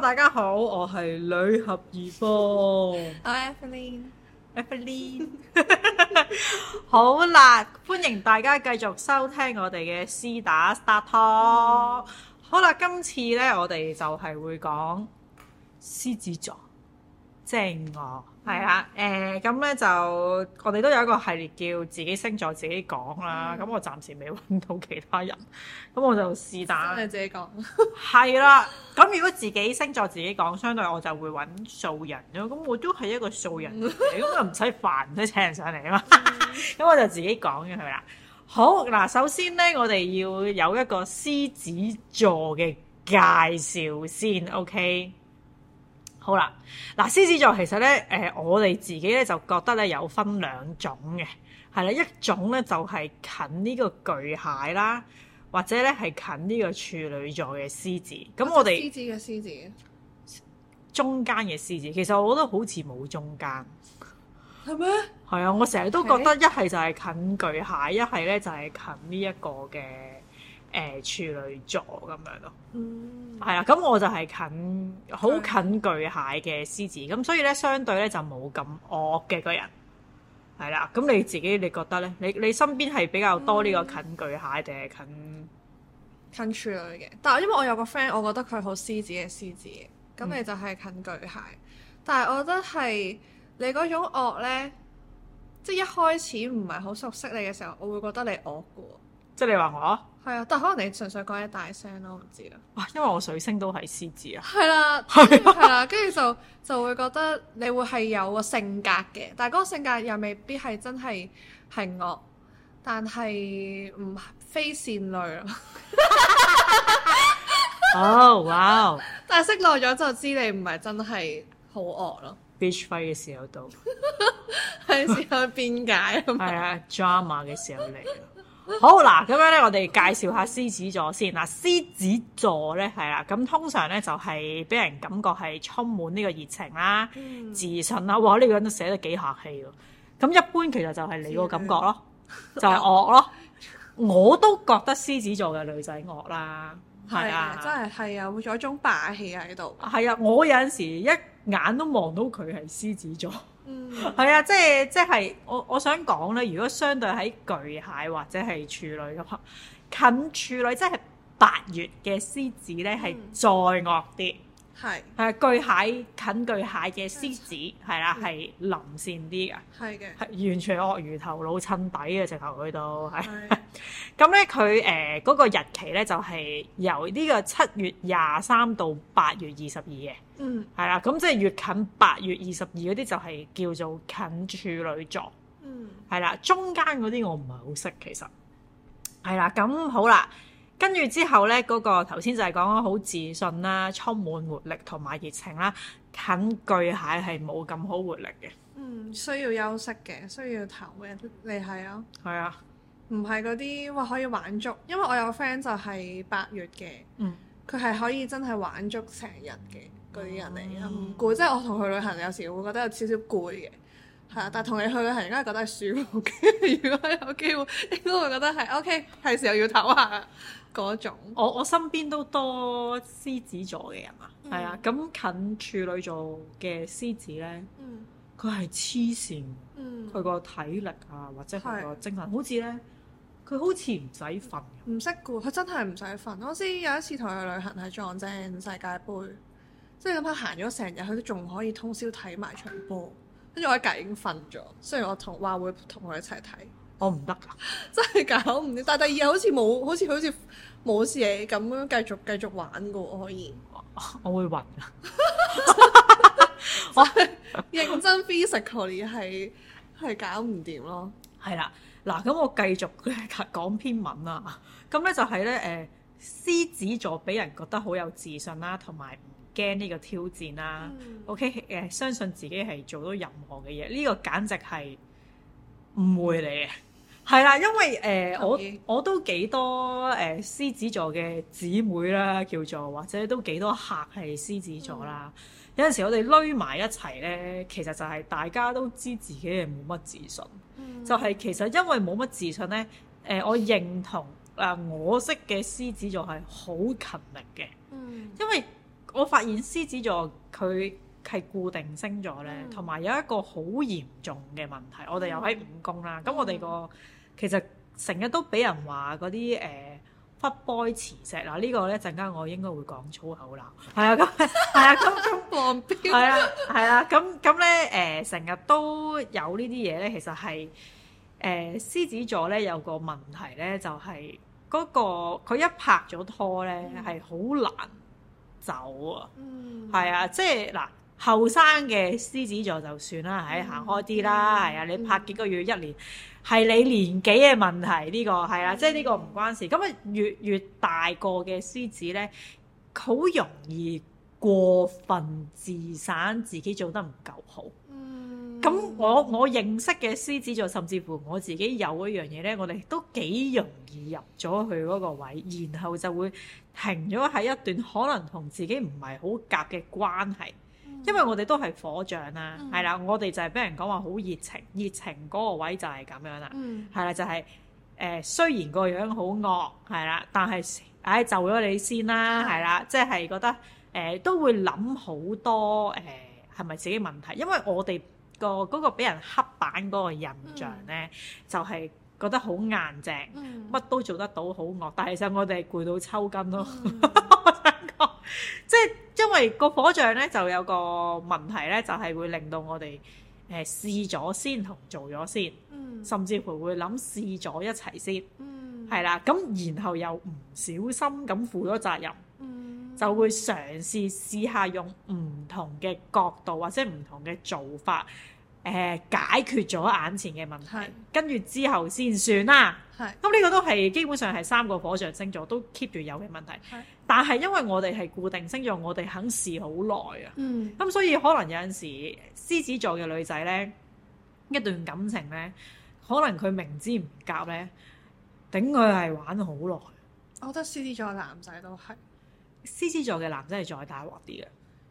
大家好，我係女俠 Yvonne，我係 Yvonne，Yvonne，好啦，歡迎大家繼續收聽我哋嘅私打 Star Talk，嗯、好啦，今次呢，我哋就係會講獅子座。正我、哦，係、嗯、啊，誒咁咧就我哋都有一個系列叫自己星座自己講啦，咁、嗯、我暫時未揾到其他人，咁我就是但自己講，係 啦。咁如果自己星座自己講，相對我就會揾素人咯、啊，咁我都係一個素人嚟，咁我唔使煩都唔使請人上嚟啊嘛，咁 我就自己講嘅係啦。好嗱，首先咧，我哋要有一個獅子座嘅介紹先，OK？好啦，嗱，獅子座其實咧，誒、呃，我哋自己咧就覺得咧有分兩種嘅，係啦，一種咧就係、是、近呢個巨蟹啦，或者咧係近呢個處女座嘅獅子，咁我哋獅子嘅獅子，中間嘅獅子，其實我覺得好似冇中間，係咩嗎？係啊，我成日都覺得一係 Okay. 就係近巨蟹，一係咧就係近呢一個嘅。誒、呃、處女座咁樣咯，係啊、嗯，咁我就係近好近巨蟹嘅獅子，咁的所以呢，相對呢就冇咁惡嘅個人係啦。咁你自己你覺得呢？你你身邊係比較多呢個近巨蟹，定係、嗯、近近處女嘅？但因為我有個 friend，我覺得佢好獅子嘅獅子，咁你就係近巨蟹，嗯、但係我覺得係你嗰種惡呢，即係一開始唔係好熟悉你嘅時候，我會覺得你惡嘅喎。即係你話我？係啊，但可能你純粹講一大聲咯，我唔知啦。因為我水星都係獅子啊。係啦，係 啦，跟住就就會覺得你會係有個性格嘅，但嗰個性格又未必係真係係惡，但係唔非善類咯。哦，哇！但係識耐咗就知你唔係真係好惡咯。Bitch fight 嘅時候到，係 時候辯解啊嘛。係啊，drama 嘅時候嚟。好嗱，咁樣咧，我哋介紹下獅子座先嗱。獅子座咧，係啦，咁通常咧就係俾人感覺係充滿呢個熱情啦、嗯、自信啦。哇，呢、呢個人都寫得幾客氣喎。咁一般其實就係你個感覺咯，的就係惡咯。 我都覺得獅子座嘅女仔惡啦，係啊，真係係啊，會有一種霸氣喺度。係啊，我有陣時一眼都望到佢係獅子座。嗯，係啊，即係即係，我我想講咧，如果相對喺巨蟹或者係處女嘅話，近處女即係八月嘅獅子咧，係、嗯、再惡啲。係，係巨蟹近巨蟹嘅獅子，係啦、嗯，係臨線啲嘅，係嘅，係的完全鱷魚頭老襯底嘅，直頭佢都係。咁咧的，佢誒嗰個日期咧，就係、是、由呢個七月廿三到八月二十二嘅，嗯，係啦，咁即係越近八月二十二嗰啲就係叫做近處女座，嗯，係啦，中間嗰啲我唔係好識其實，係啦，咁好啦。跟住之後呢，嗰個頭先就係講好自信啦，充滿活力同埋熱情啦，近巨蟹係冇咁好活力嘅。嗯，需要休息嘅，需要唞嘅，你係啊？係啊，唔係嗰啲哇可以玩足，因為我有個 friend 就係八月嘅，佢係、嗯、可以真係玩足成日嘅嗰啲人嚟，唔攰、嗯。即係、嗯、我同佢旅行，有時會覺得有少少攰嘅，係啊。但係同你去旅行，應該覺得係舒服嘅。 如果有機會，應該會覺得係 OK，係時候要唞下。嗰種，我我身邊都多獅子座嘅人、嗯、啊，係啊，咁近處女座嘅獅子咧，佢係黐線！佢個、嗯、體力啊或者佢個精神，是好似咧，佢好似唔使瞓，唔識噶，佢真係唔使瞓。嗰時有一次同佢去旅行係撞正世界盃，即係咁行咗成日，佢都仲可以通宵睇埋場波，跟住我一隔已經瞓咗。雖然我同話會同佢一齊睇。我唔得噶，真係搞唔掂。但係第二日好似冇，好似好似冇事咁樣繼續繼續玩噶，我可以。我會暈。我 認真 physically 係係搞唔掂咯。係啦，嗱咁我繼續咧講篇文啦。咁咧就係、是、咧，誒、呃、獅子座俾人覺得好有自信啦，同埋唔驚呢個挑戰啦。嗯、OK，誒、呃、相信自己係做到任何嘅嘢，呢、這個簡直係誤會嚟嘅。係啦，因為誒、呃、的我我都幾多誒、呃、獅子座嘅姊妹啦，叫做或者都幾多客係獅子座啦。嗯、有陣時我哋攏埋一齊呢，其實就係大家都知自己係冇乜自信，嗯、就係其實因為冇乜自信呢。誒、呃，我認同啊，我識嘅獅子座係好勤力嘅，嗯、因為我發現獅子座佢係固定星座呢，同埋、嗯、有，有一個好嚴重嘅問題。嗯、我哋又喺五宮啦，咁我哋個其實成日都俾人話嗰啲誒 fuck boy 磁石嗱，呢、啊這個咧陣間我應該會講粗口喇，係 啊よね，咁係啊，咁咁浪飆，係 啊、 欸，係啊，咁咁咧誒，成日、嗯、都有呢啲嘢咧，其實係誒、呃、獅子座咧有個問題咧、那個，就係嗰個佢一拍咗拖咧係好難走啊，嗯，係啊、就是，即係嗱後生嘅獅子座就算啦，係行開啲啦，係、嗯、啊，你拍幾個月一年。係你年紀嘅問題，呢、呢個係啦，嗯、即係呢個唔關事。咁啊，越越大個嘅獅子呢，好容易過分自省，自己做得唔夠好。咁、嗯、我我認識嘅獅子座，甚至乎我自己有一樣嘢呢，我哋都幾容易入咗去嗰個位，然後就會停咗喺一段可能同自己唔係好夾嘅關係。因為我哋都係火象啦、啊，係、嗯、啦，我哋就係俾人講話好熱情，熱情嗰個位就係咁樣啦、啊，係、嗯、啦，就係、是、誒、呃、雖然個樣好惡係啦，但係唉就咗你先啦，係、嗯、啦，即、就、係、是、覺得誒、呃、都會諗好多誒係咪自己問題，因為我哋、那個嗰、那個俾人黑板嗰個印象咧，嗯、就係覺得好硬淨，乜、嗯、都做得到，好惡，但係其實我哋攰到抽筋咯。嗯 即係因為個火象咧，就有個問題咧，就係、是、會令到我哋誒試咗先同做咗先，嗯、甚至乎會諗試咗一齊先，係啦、嗯，咁然後又唔小心咁負咗責任，嗯、就會嘗試試下用唔同嘅角度或者唔同嘅做法。誒解決咗眼前嘅問題，跟住是的 之後先算啦。咁呢是的、嗯，這個都係基本上係三個火象星座都 keep 住有嘅問題。是的 但係因為我哋係固定星座，我哋肯試好耐啊。咁、嗯嗯、所以可能有陣時獅子座嘅女仔呢，一段感情呢，可能佢明知唔夾呢，頂佢係玩好耐。我覺得獅子座男仔都係獅子座嘅男仔係再大鑊啲嘅，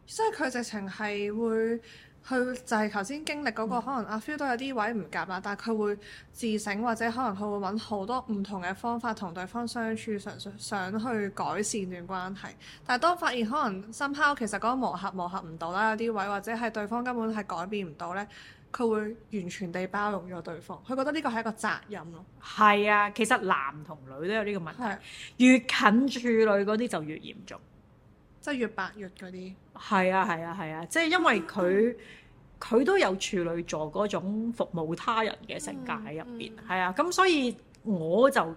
所以佢直情係會。佢就係頭先經歷嗰、那個，嗯、可能阿 feel 都有啲位唔夾啦，但係佢會自省，或者可能佢會揾好多唔同嘅方法同對方相處，想想去改善段關係。但係當發現可能深刻，其實嗰個磨合磨合唔到啦，有啲位或者係對方根本係改變唔到呢，佢會完全地包容咗對方。佢覺得呢個係一個責任咯。係啊，其實男同女都有呢個問題，啊、越近處女嗰啲就越嚴重。即係七月八月嗰啲，係啊係啊係啊！即係因為佢佢、嗯、都有處女座嗰種服務他人嘅性格喺入邊，係、嗯嗯、啊！咁所以我就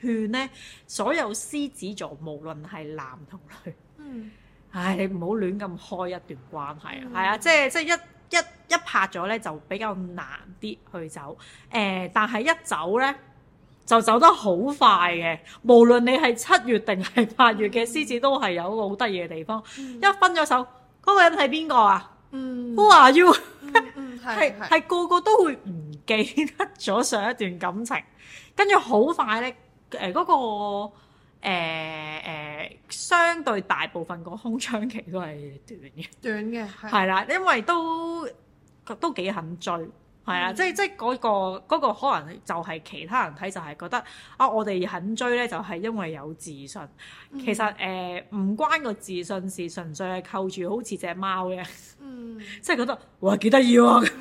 勸呢所有獅子座無論係男同女，嗯，唉你唔好亂咁開一段關係、嗯、啊！係、嗯、啊，即係即係一一一拍咗呢就比較難啲去走，誒、呃，但係一走呢，就走得好快嘅，無論你係七月定係八月嘅獅子、嗯、都係有一個好得意嘅地方。嗯、一分咗手，嗰、嗰個人係邊個啊？Who、嗯！are you，係係個個都會唔記得咗上一段感情，跟住好快咧。誒、呃、嗰、嗰個誒、呃呃、相對大部分個空窗期都係短嘅，短嘅係啦，因為都都幾肯追。係、嗯、啊，即係即係嗰個嗰、那個可能就係其他人睇就係覺得啊、哦，我哋肯追咧就係因為有自信。嗯、其實誒唔、呃、關個自信事，純粹係扣住好似隻貓嘅，即係覺得哇幾得意喎，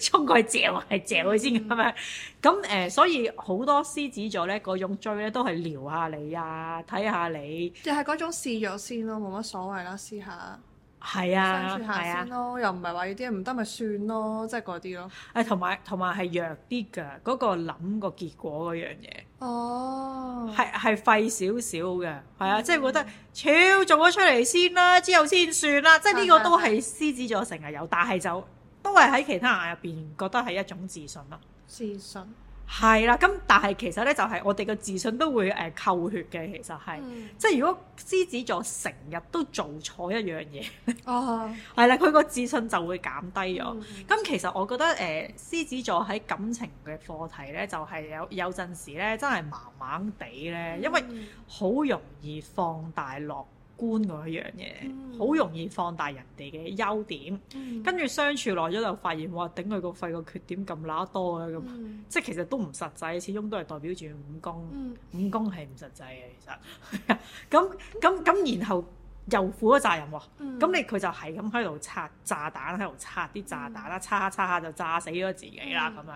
衝過去嚼嚟嚼去先咁樣。咁、呃、誒，所以好多獅子座咧嗰種追咧都係撩下你啊，睇下你，就係嗰種試咗先咯，冇乜所謂啦，試下。係啊，係啊，又唔係話呢啲唔得咪算咯，即係嗰啲咯。誒、啊，同埋同埋係弱啲嘅，嗰、嗰個諗個結果嗰樣嘢。哦，係係廢少少嘅，係啊，嗯、即係覺得超做咗出嚟先啦，之後先算啦，即係呢個都係獅子座成日有，嗎但係就都係喺其他人入邊覺得係一種自信咯。自信。係啦，咁但係其實咧，就係我哋嘅自信都會誒、呃、扣血嘅。其實係，嗯、即係如果獅子座成日都做錯一樣嘢，係啦、哦，佢個自信就會減低咗。咁、嗯、其實我覺得誒、呃，獅子座喺感情嘅課題咧，就係、是、有有陣時咧，真係麻麻地咧，因為好容易放大落觀嗰一樣嘢，好容易放大人哋嘅優點，跟住、嗯、相處耐咗就發現，哇！頂佢個肺個缺點咁乸多嘅、啊、咁，嗯、即係其實都唔實際，始終都係代表住武功，嗯、武功係唔實際嘅其實。咁咁咁，然後又負咗責任喎，咁、嗯、你佢就係咁喺度拆炸彈，喺度拆啲炸彈啦，拆下拆下就炸死咗自己啦咁、嗯、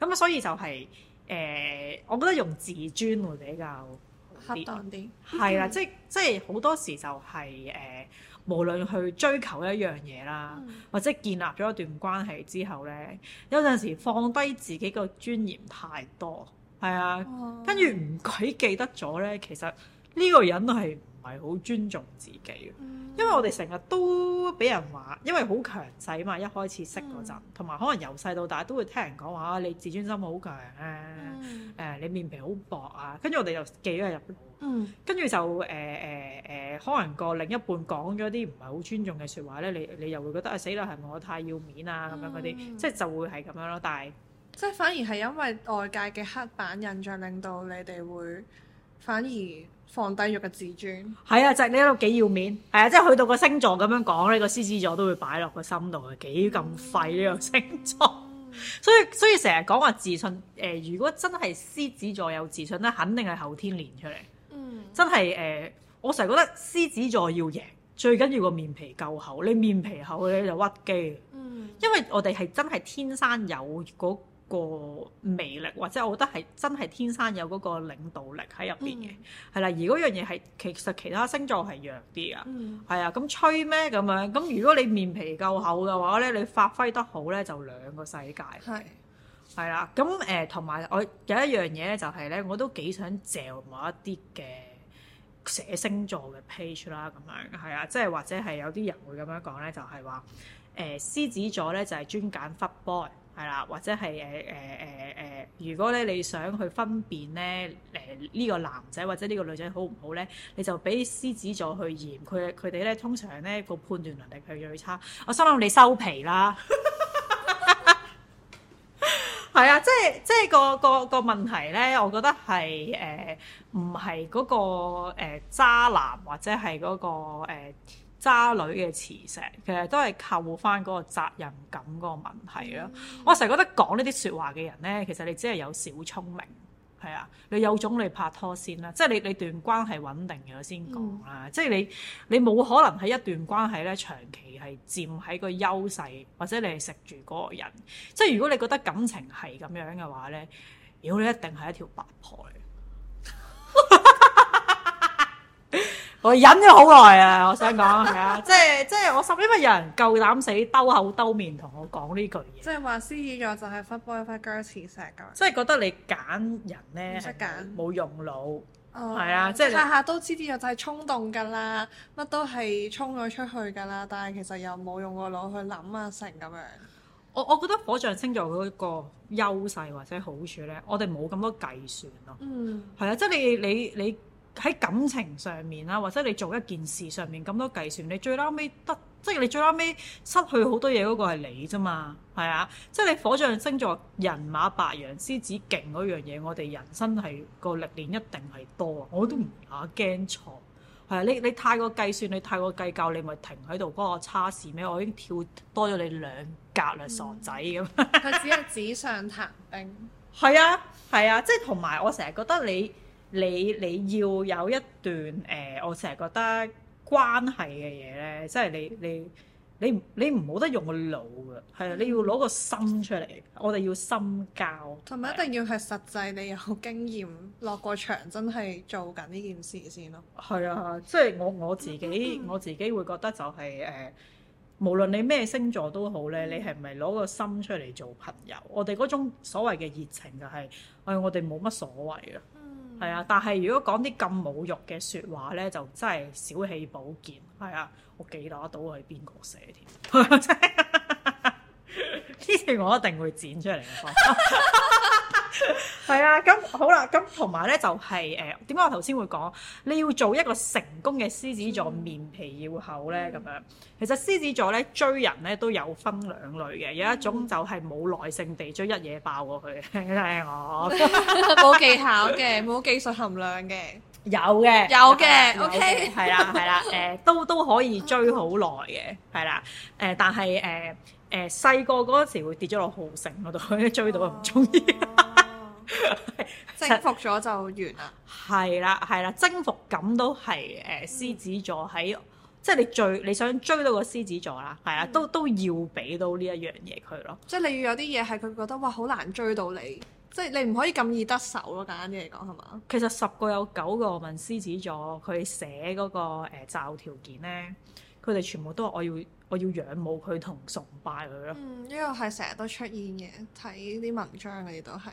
樣。咁啊，所以就係、是、誒、呃，我覺得用自尊會比較。啲，係啦、 啊，即係即係好多時就係、是、誒、呃，無論去追求一樣嘢啦，嗯、或者建立咗一段關係之後咧，有陣時放低自己個尊嚴太多，係啊，哦、跟住唔鬼記得咗咧，其實呢個人係。唔係好尊重自己、嗯，因，因為我哋成日都俾人話，因為好強勢嘛。一開始識嗰陣，同埋、嗯、可能由細到大都會聽人講話、啊，你自尊心好強啊，誒、嗯呃，你面皮好薄啊。跟住我哋又記咗入去跟住、嗯、就誒誒誒，可能個另一半講咗啲唔係好尊重嘅説話咧，你你又會覺得啊死啦，係咪我太要面啊咁、嗯、樣嗰啲，即、就、係、是、就會係咁樣咯。但係、嗯、即係反而係因為外界嘅黑板印象令到你哋會反而。反而放低咗個自尊，係 啊，就係、是、你喺度幾要面，係啊，即係去到個星座咁樣講呢、這個獅子座都會擺落個心度嘅，幾咁廢呢、這個星座， 所以所以成日講話自信，誒、呃，如果真係獅子座有自信咧，肯定係後天練出嚟，嗯，真係誒、呃，我成日覺得獅子座要贏，最緊要個面皮夠厚，你面皮厚咧就屈機，嗯，因為我哋係真係天生有個。個魅力或者我覺得係真係天生有嗰個領導力喺入邊嘅，係啦、嗯。而嗰樣嘢係其實其他星座係弱啲啊，係啊、嗯。咁吹咩咁樣？咁如果你面皮夠厚嘅話咧，你發揮得好咧，就兩個世界。係係啦。咁誒，同埋、呃、我有一樣嘢咧，就係、是、咧，我都幾想嚼某一啲嘅寫星座嘅 page 啦。咁樣係啊，即係或者係有啲人會咁樣講咧，就係話誒獅子座咧就係專揀 fuckboy。係啦，或者係誒誒誒誒，如果咧你想去分辨咧，誒呢個男仔或者呢個女仔好唔好咧，你就俾獅子座去驗佢，佢哋咧，通常咧個判斷能力係最差。 我心諗你收皮啦， 係 啊，即係即係、個個、個問題咧，我覺得係誒唔係嗰個、呃呃、渣男或者係嗰、嗰個、呃渣女嘅磁石，其實都係靠翻嗰個責任感嗰個問題咯。嗯、我成日覺得講呢啲説話嘅人呢，其實你只係有小聰明，係啊，你有種你拍拖先啦，即係你你段關係穩定咗先講啦，嗯、即係你你冇可能喺一段關係咧長期係佔喺個優勢，或者你係食住嗰個人，即係如果你覺得感情係咁樣嘅話呢，如果你一定係一條八婆。 我忍咗好耐啊！我想講，即係即係我十因為有人夠膽死兜口兜面同我講呢句嘢，即係話獅子座就係 fuck boy fuck girl 磁石噉樣，即係覺得你揀人咧冇用腦，係啊，即係下下都知啲就係衝動噶啦，乜都係衝咗出去噶啦，但係其實又冇用個腦去諗啊成咁樣。我我覺得火象星座嗰個優勢或者好處咧，我哋冇咁多計算咯，嗯，係啊，即係你你你。喺感情上面啊，或者你做一件事上面咁多計算，你最撈尾得，即係你最撈尾失去好多嘢嗰，那個係你啫嘛，係啊，即係你火象星座、人馬白羊、獅子勁嗰樣嘢，我哋人生係個歷練一定係多啊，我都唔怕驚錯，係啊，你你太過計算，你太過計較，你咪停喺度嗰個叉事咩？我已經跳多咗你兩格啦，嗯、傻仔咁。佢只係紙上談兵。係啊，係啊，即係同埋我成日覺得你。你你要有一段誒、呃，我成日覺得關係嘅嘢咧，即係你你你你唔好得用個腦嘅，係啊，你要攞個心出嚟。我哋要心交，同埋一定要係實際，你有經驗落過場，真係做緊呢件事先咯。係啊、嗯，即係我我自己我自己會覺得就係、是、誒、呃，無論你咩星座都好咧，嗯、你係唔係攞個心出嚟做朋友？我哋嗰種所謂嘅熱情就係、是、誒、哎，我哋冇乜所謂啊。係啊，但係如果講啲咁侮辱嘅説話咧，就真係小氣保健。係啊，我記得，得到係邊個寫添？呢 次我一定會剪出嚟。 係啊，咁好啦，咁同埋咧就係誒，點解我頭先會講你要做一個成功嘅獅子座，面皮要厚咧咁樣？其實獅子座咧追人咧都有分兩類嘅，有一種就係冇耐性地追一嘢爆過去嘅，我冇技巧嘅，冇技術含量嘅。有嘅，有嘅，OK，係啦係啦，誒，都都可以追好耐嘅，係啦，誒，但係誒誒細個嗰陣時會跌咗落豪城嗰度追到又唔中意。 征服咗就完啦，係啦係啦，征服感都係誒，獅、呃、子座喺、嗯、即係你追，你想追到個獅子座啦，係啊、嗯，都都要俾到呢一樣嘢佢咯。即係你要有啲嘢係佢覺得哇，好難追到你，即係你唔可以咁易得手咯。簡單啲嚟講係嘛？其實十個有九個問獅子座，佢寫嗰個誒擇偶條件咧，佢哋全部都係我要我要仰慕佢同崇拜佢咯。嗯，呢個係成日都出現嘅，睇啲文章嗰啲都係。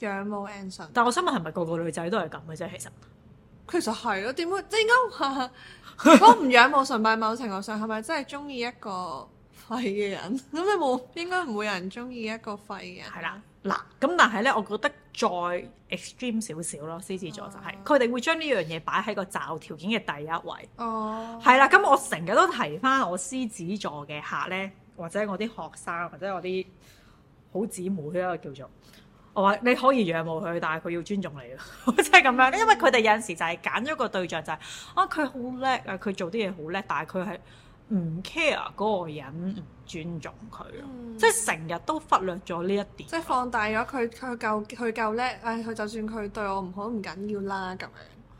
仰慕恩神，但我想問，係咪個個女仔都係咁嘅啫？其實是是其實係咯，點會？應該話我唔仰慕崇拜，某程度上係咪真係中意一個廢嘅人？咁你冇應該唔會有人中意一個廢嘅人？係啦，嗱，咁但係咧，我覺得再 extreme 少少咯，獅子座就係佢哋會將呢樣嘢擺喺個擇偶條件嘅第一位。哦、oh.，係啦，咁我成日都提翻我獅子座嘅客咧，或者我啲學生或者我啲好姊妹啦，叫做。我話你可以仰慕佢，但係佢要尊重你啊！即係咁樣，因為佢哋有陣時就係揀咗個對象就係、是、啊，佢好叻啊，佢做啲嘢好叻，但係佢係唔 care 嗰個人，唔尊重佢，嗯、即係成日都忽略咗呢一點。即係放大咗佢，佢夠佢夠叻，唉，佢就算佢對我唔好都唔緊要啦，咁樣。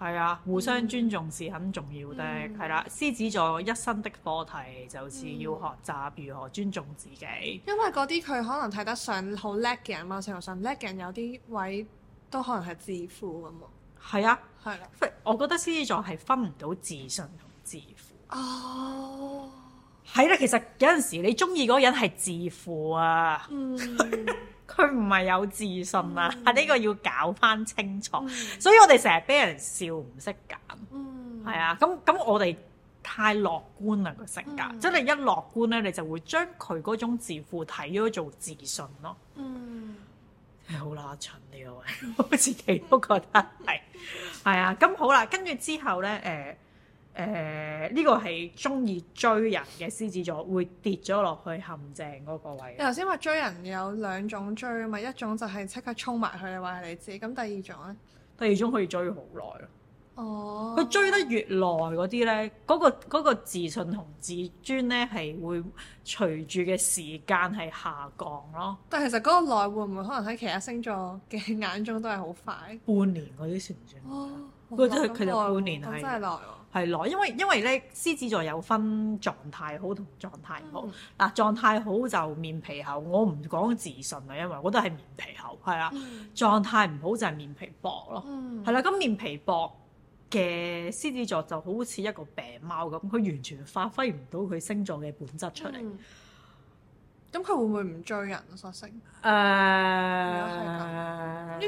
係啊，互相尊重是很重要的，係啦、嗯啊。獅子座一生的課題就是要學習如何尊重自己。因為嗰啲佢可能睇得上好叻嘅人嘛，成日想叻嘅人有啲位都可能係自負咁啊。係啊，係啦。我覺得獅子座係分唔到自信同自負。哦，係啦、啊，其實有陣時你中意嗰人係自負啊。嗯。 佢唔係有自信啊，呢、嗯、個要搞翻清楚。嗯、所以我哋成日俾人笑唔識揀，係、嗯、啊，咁咁我哋太樂觀啦個性格，即係、嗯、你一樂觀咧，你就會將佢嗰種自負睇咗做自信咯、啊。嗯，你 好乸蠢呢位， 我自己都覺得係，係啊，咁好啦，跟住之後咧，誒、呃。誒，呢個係中意追人嘅獅子座，會跌咗落去陷阱嗰個位。你頭先話追人有兩種追啊嘛，一種就係即刻衝埋去，你話係你自己。咁第二種咧？第二種可以追好耐咯。哦。佢追得越耐，嗰啲咧，嗰、嗰個自信同自尊咧，係會隨住嘅時間係下降咯。但係其實嗰個耐會唔會可能喺其他星座嘅眼中都係好快？半年嗰啲算唔算？哇、哦！嗰真佢其實半年係真係耐。係咯，因為因為咧，獅子座有分狀態好同狀態唔好。嗱、嗯，狀態好就面皮厚，我唔講自信啦，因為我覺得係面皮厚，係啦。狀態唔好就係面皮薄咯，係啦、嗯。咁面皮薄嘅獅子座就好似一個病貓咁，佢完全發揮唔到佢星座嘅本質出嚟。嗯嗯。咁佢會唔會唔追人啊？索性誒，呢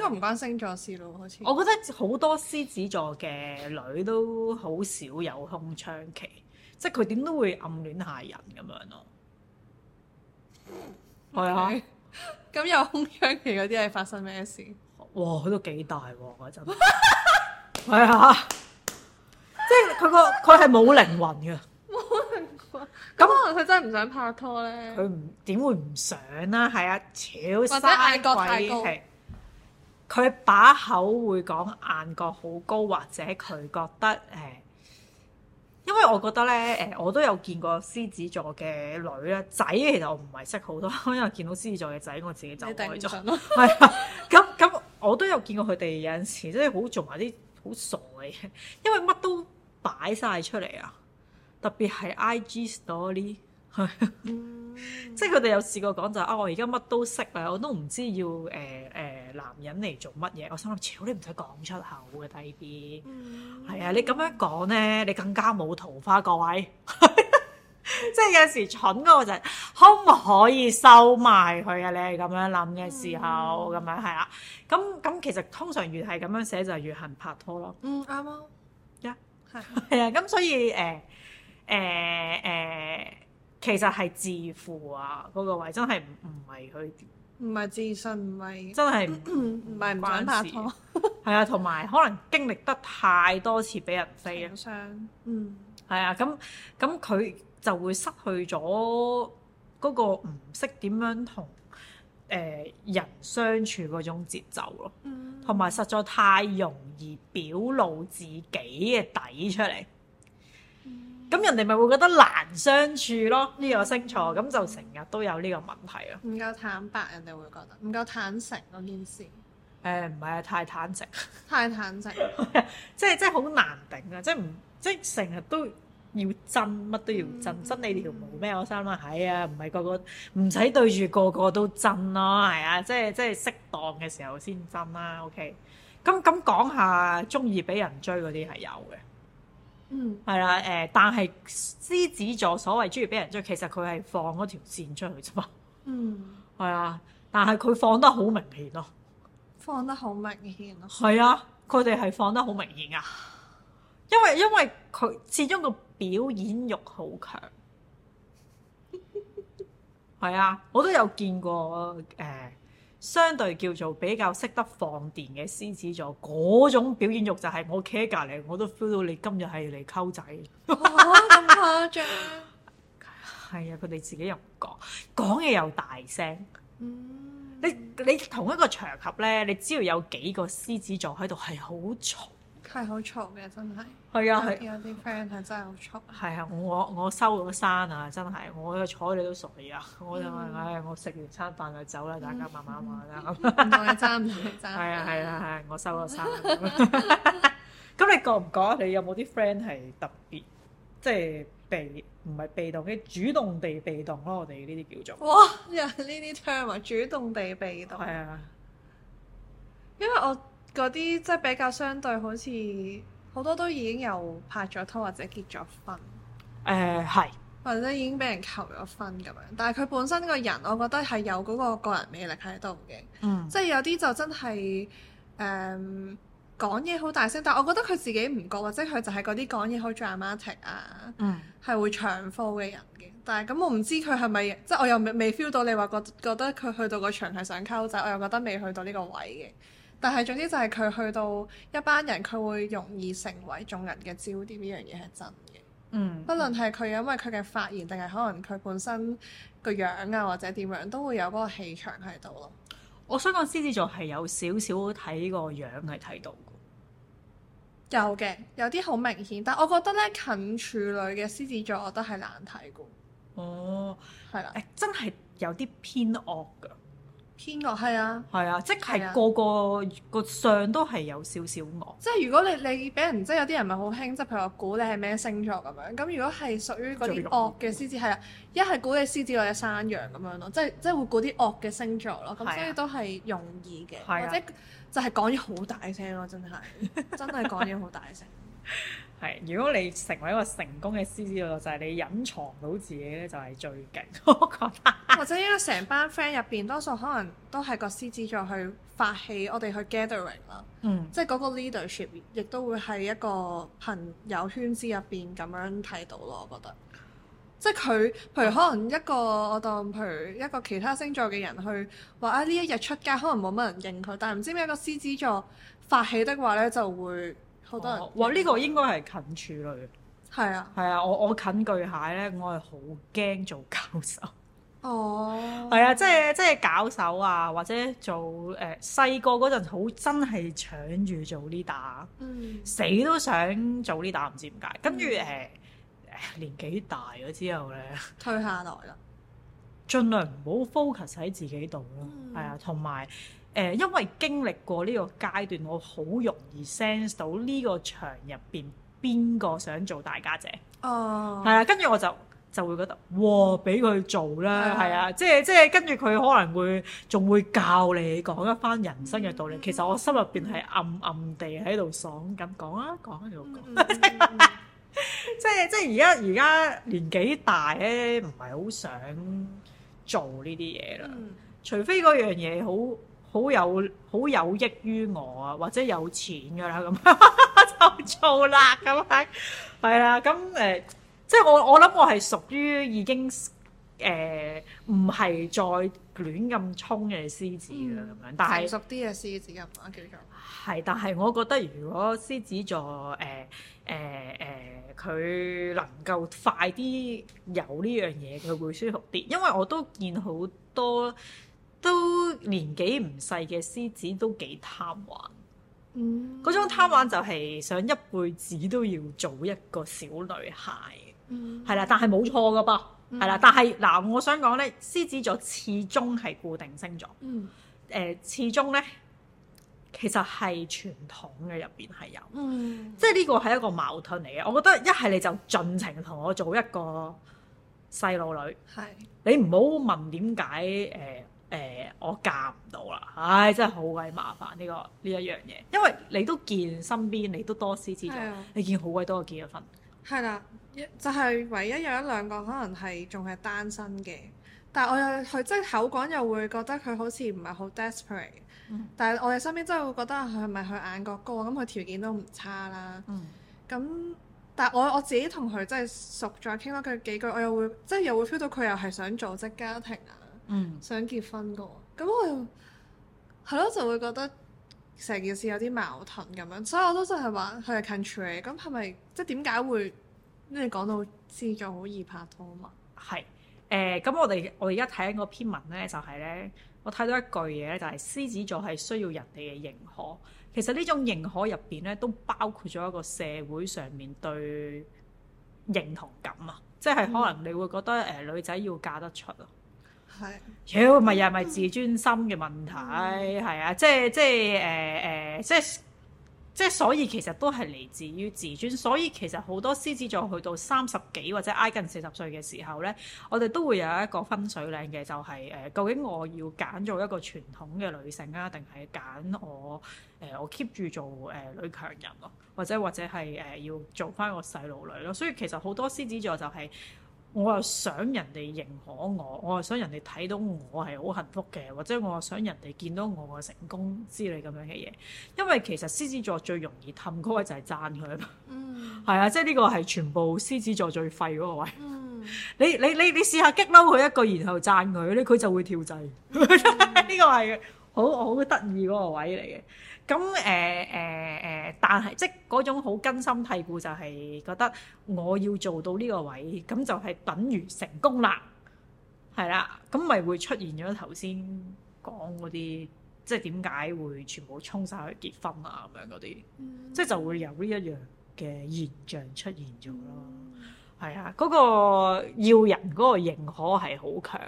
個唔關星座事咯，好似我覺得好多獅子座嘅女都好少有空窗期，即係佢點都會暗戀下人咁樣咯。係啊，咁有空窗期嗰啲係發生咩事？哇！佢都幾大喎！嗰陣係啊，哎、 即係佢個，佢係冇靈魂嘅。咁可能佢真係唔想拍拖咧？佢唔點會唔想啦、啊？係啊，超嘥鬼氣。佢把口會講眼角好高，或者佢覺得誒、呃，因為我覺得咧誒、呃，我都有見過獅子座嘅女啦，仔其實我唔係識好多，因為見到獅子座嘅仔，我自己就定咗。係 啊，咁咁我都有見過佢哋有陣時即係好做埋啲好傻嘅嘢，因為乜都擺晒出嚟啊！特別係 IG story，即係佢哋有試過講就啊，我而家乜都識啦，我都唔知要誒誒男人嚟做乜嘢。我心諗超，你唔使講出口嘅，弟弟。係啊，你咁樣講咧，你更加冇桃花，各位。即係有時蠢嗰陣，可唔可以收埋佢啊？你係咁樣諗嘅時候，咁樣係啊。咁咁其實通常越係咁樣寫就係越恨拍拖咯。嗯，啱啊。一係係啊。咁所以誒。誒誒、欸欸，其實係自負啊！嗰、那個位真係唔唔係佢，唔係自信，唔 係真係唔係唔想拍拖。係啊，同埋可能經歷得太多次俾人飛、啊、傷。嗯、係、嗯、啊，咁咁佢就會失去咗嗰個唔識點樣同誒、呃、人相處嗰種節奏咯、啊。同埋、嗯、實在太容易表露自己嘅底出嚟。咁人哋咪會覺得難相處咯，呢、呢個星座咁、嗯、就成日都有呢個問題咯。唔夠坦白，人哋會覺得唔夠坦誠嗰件事。誒唔係啊，太坦誠，太坦誠， 即係即係好難頂啊！即係唔即係成日都要真，乜都要真，嗯、真你條毛咩？我心諗係啊，哎、唔係個個唔使對住個個都真咯，係啊，即係即係適當嘅時候先真啦。OK，咁咁講下中意俾人追嗰啲係有嘅。係啦，誒、嗯呃，但係獅子座所謂中意俾人追，其實佢係放嗰條線出去啫嘛。嗯，係啊，但係佢放得好明顯咯，啊，放得好明顯咯。係啊，佢哋係放得好明顯啊，因為因為佢始終個表演欲好強。係啊， 我都有見過誒。呃相對叫做比較識得放電嘅獅子座嗰種表演欲就係我企喺隔離我都 feel 到你今日係嚟溝仔，咁、 哦、誇張？係啊、 哎，佢哋自己又講講嘢又大聲。嗯、你你同一個場合呢，你只要有幾個獅子座喺度係好嘈。係好嘈嘅，真係。係啊，係。有啲 friend 係真係好嘈。係啊，我我收咗山啊，真係，我個坐你都傻啊。我就話唉，我食完餐飯就走啦，大家慢慢玩啦。爭住爭。係啊係啊係，我收咗山。咁你覺唔覺？你有冇啲 friend 係特別，即係被唔係被動嘅，主動地被動咯？我哋呢啲叫做。哇！呢啲 term 啊，主動地被動。係啊。因為我。嗰啲即係比較相對，好似好多都已經有拍咗拖或者結咗婚，誒係、呃、或者已經俾人求咗婚咁樣。但係佢本身個人，我覺得係有嗰個個人魅力喺度嘅，嗯、即係有啲就真係誒講嘢好大聲，但係我覺得佢自己唔覺，或者佢就係嗰啲講嘢好 dramatic 啊、嗯，係會長科嘅人嘅。但係咁我唔知佢係咪，即係我又未未 feel 到你話覺覺得佢去到個場係想溝仔，我又覺得未去到呢個位嘅。但係，總之就係佢去到一班人，佢會容易成為眾人嘅焦點，呢樣嘢係真嘅。嗯，不論係佢因為佢嘅發言，定係可能佢本身個樣啊，或者點樣，都會有嗰個氣場喺度咯。我想講獅子座係有少少睇個樣係睇到嘅。有嘅，有啲好明顯，但我覺得咧近處女嘅獅子座，我都係難睇嘅。哦，係啦，誒、欸，真係有啲偏惡嘅。偏惡係啊，係啊，即係個個、啊、個相都係有少少惡。即係如果你你俾人，即係有啲人咪好興，即係譬如話估你係咩星座咁樣。咁如果係屬於嗰啲惡嘅獅子，係啊，一係估你獅子或者山羊咁樣咯，即係即係會估啲惡嘅星座咯。咁所以都係容易嘅，或者就係講嘢好大聲咯，真係真係講嘢好大聲。 係，如果你成為一個成功嘅獅子座，就係、是、你隱藏到自己咧，就係最勁，我覺得。 或者因為成班 friend 入邊，多數可能都係個獅子座去發起我哋去 gathering 啦、嗯。即係嗰個 leadership 亦都會喺一個朋友圈子入邊咁樣睇到咯，我覺得。即係佢，譬如可能一個我當譬如一個其他星座嘅人去話啊，呢一日出街可能冇乜人應佢，但係唔知咩解個獅子座發起的話咧就會。好多人、哦，哇！呢、這個應該係近處女啊，係啊，係啊，我我近巨蟹咧，我係好驚做搞手， 哦，係啊，即係即係搞手啊，或者做誒細個嗰陣好真係搶住做 leader，嗯，死都想做 leader，唔知點解，跟住誒、嗯呃、年紀大咗之後咧，退下來啦，盡量唔好 focus 喺自己度咯，係、嗯、啊，同埋。誒，因為經歷過呢個階段，我好容易 sense 到呢個場入邊邊個想做大家姐。哦、oh.，係啊，跟住我就就會覺得，哇，俾佢做啦，係啊、oh.，即係即係跟住佢可能會仲會教你講一番人生嘅道理。Mm hmm. 其實我心入邊係暗暗地喺度爽噉，講啊講喺度講，即係即係而家而家年紀大咧，唔係好想做呢啲嘢啦，mm hmm. 除非嗰樣嘢好。好有好有益於我啊，或者有錢噶啦咁， 就做啦咁係，係啦咁誒，即係我我諗我係屬於已經誒唔係再亂咁衝嘅獅子啦咁樣，但係成熟啲嘅獅子咁啊叫做係，但係我覺得如果獅子座誒誒誒佢能夠快啲有呢樣嘢，佢會舒服啲，因為我都見好多。都年紀唔細嘅獅子都幾貪玩，嗰、mm. 種貪玩就係想一輩子都要做一個小女孩，係啦、mm.。但係冇錯噶噃，係啦、mm.。但係嗱，我想講呢，獅子座始終係固定星座，誒、mm. 呃，始終呢其實係傳統嘅入邊係有，mm. 即係呢個係一個矛盾嚟嘅。我覺得一係你就盡情同我做一個細路女，係的你唔好問點解誒。呃誒、欸，我嫁唔到啦！唉，真係好鬼麻煩呢，這個呢一樣嘢，這個、因為你都見身邊，你都多獅子座。啊、你見好鬼多個結咗婚。係啦、啊，就係、是、唯一有一兩個可能係仲係單身嘅，但係我又佢即係口講又會覺得佢好似唔係好 desperate，嗯、但係我哋身邊真係會覺得佢係咪佢眼角高咁？佢條件都唔差啦。嗯。咁，但係我我自己同佢真係熟咗，傾多佢幾句，我又會即係、就是、又會 feel 到佢又係想組織家庭啊。嗯，想結婚個咁我又係咯，就會覺得成件事有啲矛盾咁樣，所以我都真係話佢係 contrary。咁係咪即係點解會因為講到獅子座好易拍拖啊？嘛係誒，咁我哋我而家睇緊嗰篇文咧，就係咧我睇到一句嘢咧，就係獅子座係需要人哋嘅認可。其實呢種認可入邊咧，都包括咗一個社會上面對認同感啊，即係可能你會覺得誒女仔要嫁得出啊。妖，咪 Yeah,、嗯、又係咪自尊心嘅問題？係啊、嗯，即係即係誒誒，即係、呃、即係，即所以其實都係嚟自於自尊。所以其實好多獅子座去到三十幾或者挨近四十歲嘅時候呢，我哋都會有一個分水嶺嘅，就係、是、誒、呃，究竟我要揀做一個傳統嘅女性啊，定係揀我誒、呃，我 keep 住做誒、呃、女強人咯？或者或者係誒、呃、要做翻個細路女咯？所以其實好多獅子座就係、是。我又想人哋認可我，我又想人哋睇到我係好幸福嘅，或者我又想人哋見到我嘅成功之類咁樣嘅嘢。因為其實獅子座最容易氹嗰位就係讚佢，係、嗯、 啊，即係呢個係全部獅子座最廢嗰個位、嗯，你。你你你你試下激嬲佢一個，然後讚佢咧，佢就會跳掣。呢、嗯、 個係好好得意嗰個位嚟嘅。咁誒誒誒，但係即係嗰種好根深蒂固，就係覺得我要做到呢個位，咁就係等於成功啦，係啦。咁咪會出現咗頭先講嗰啲，即係點解會全部衝曬去結婚啊？咁樣嗰啲，即係就會有呢一樣嘅現象出現咗咯。係啊，嗰個要人嗰個認可係好強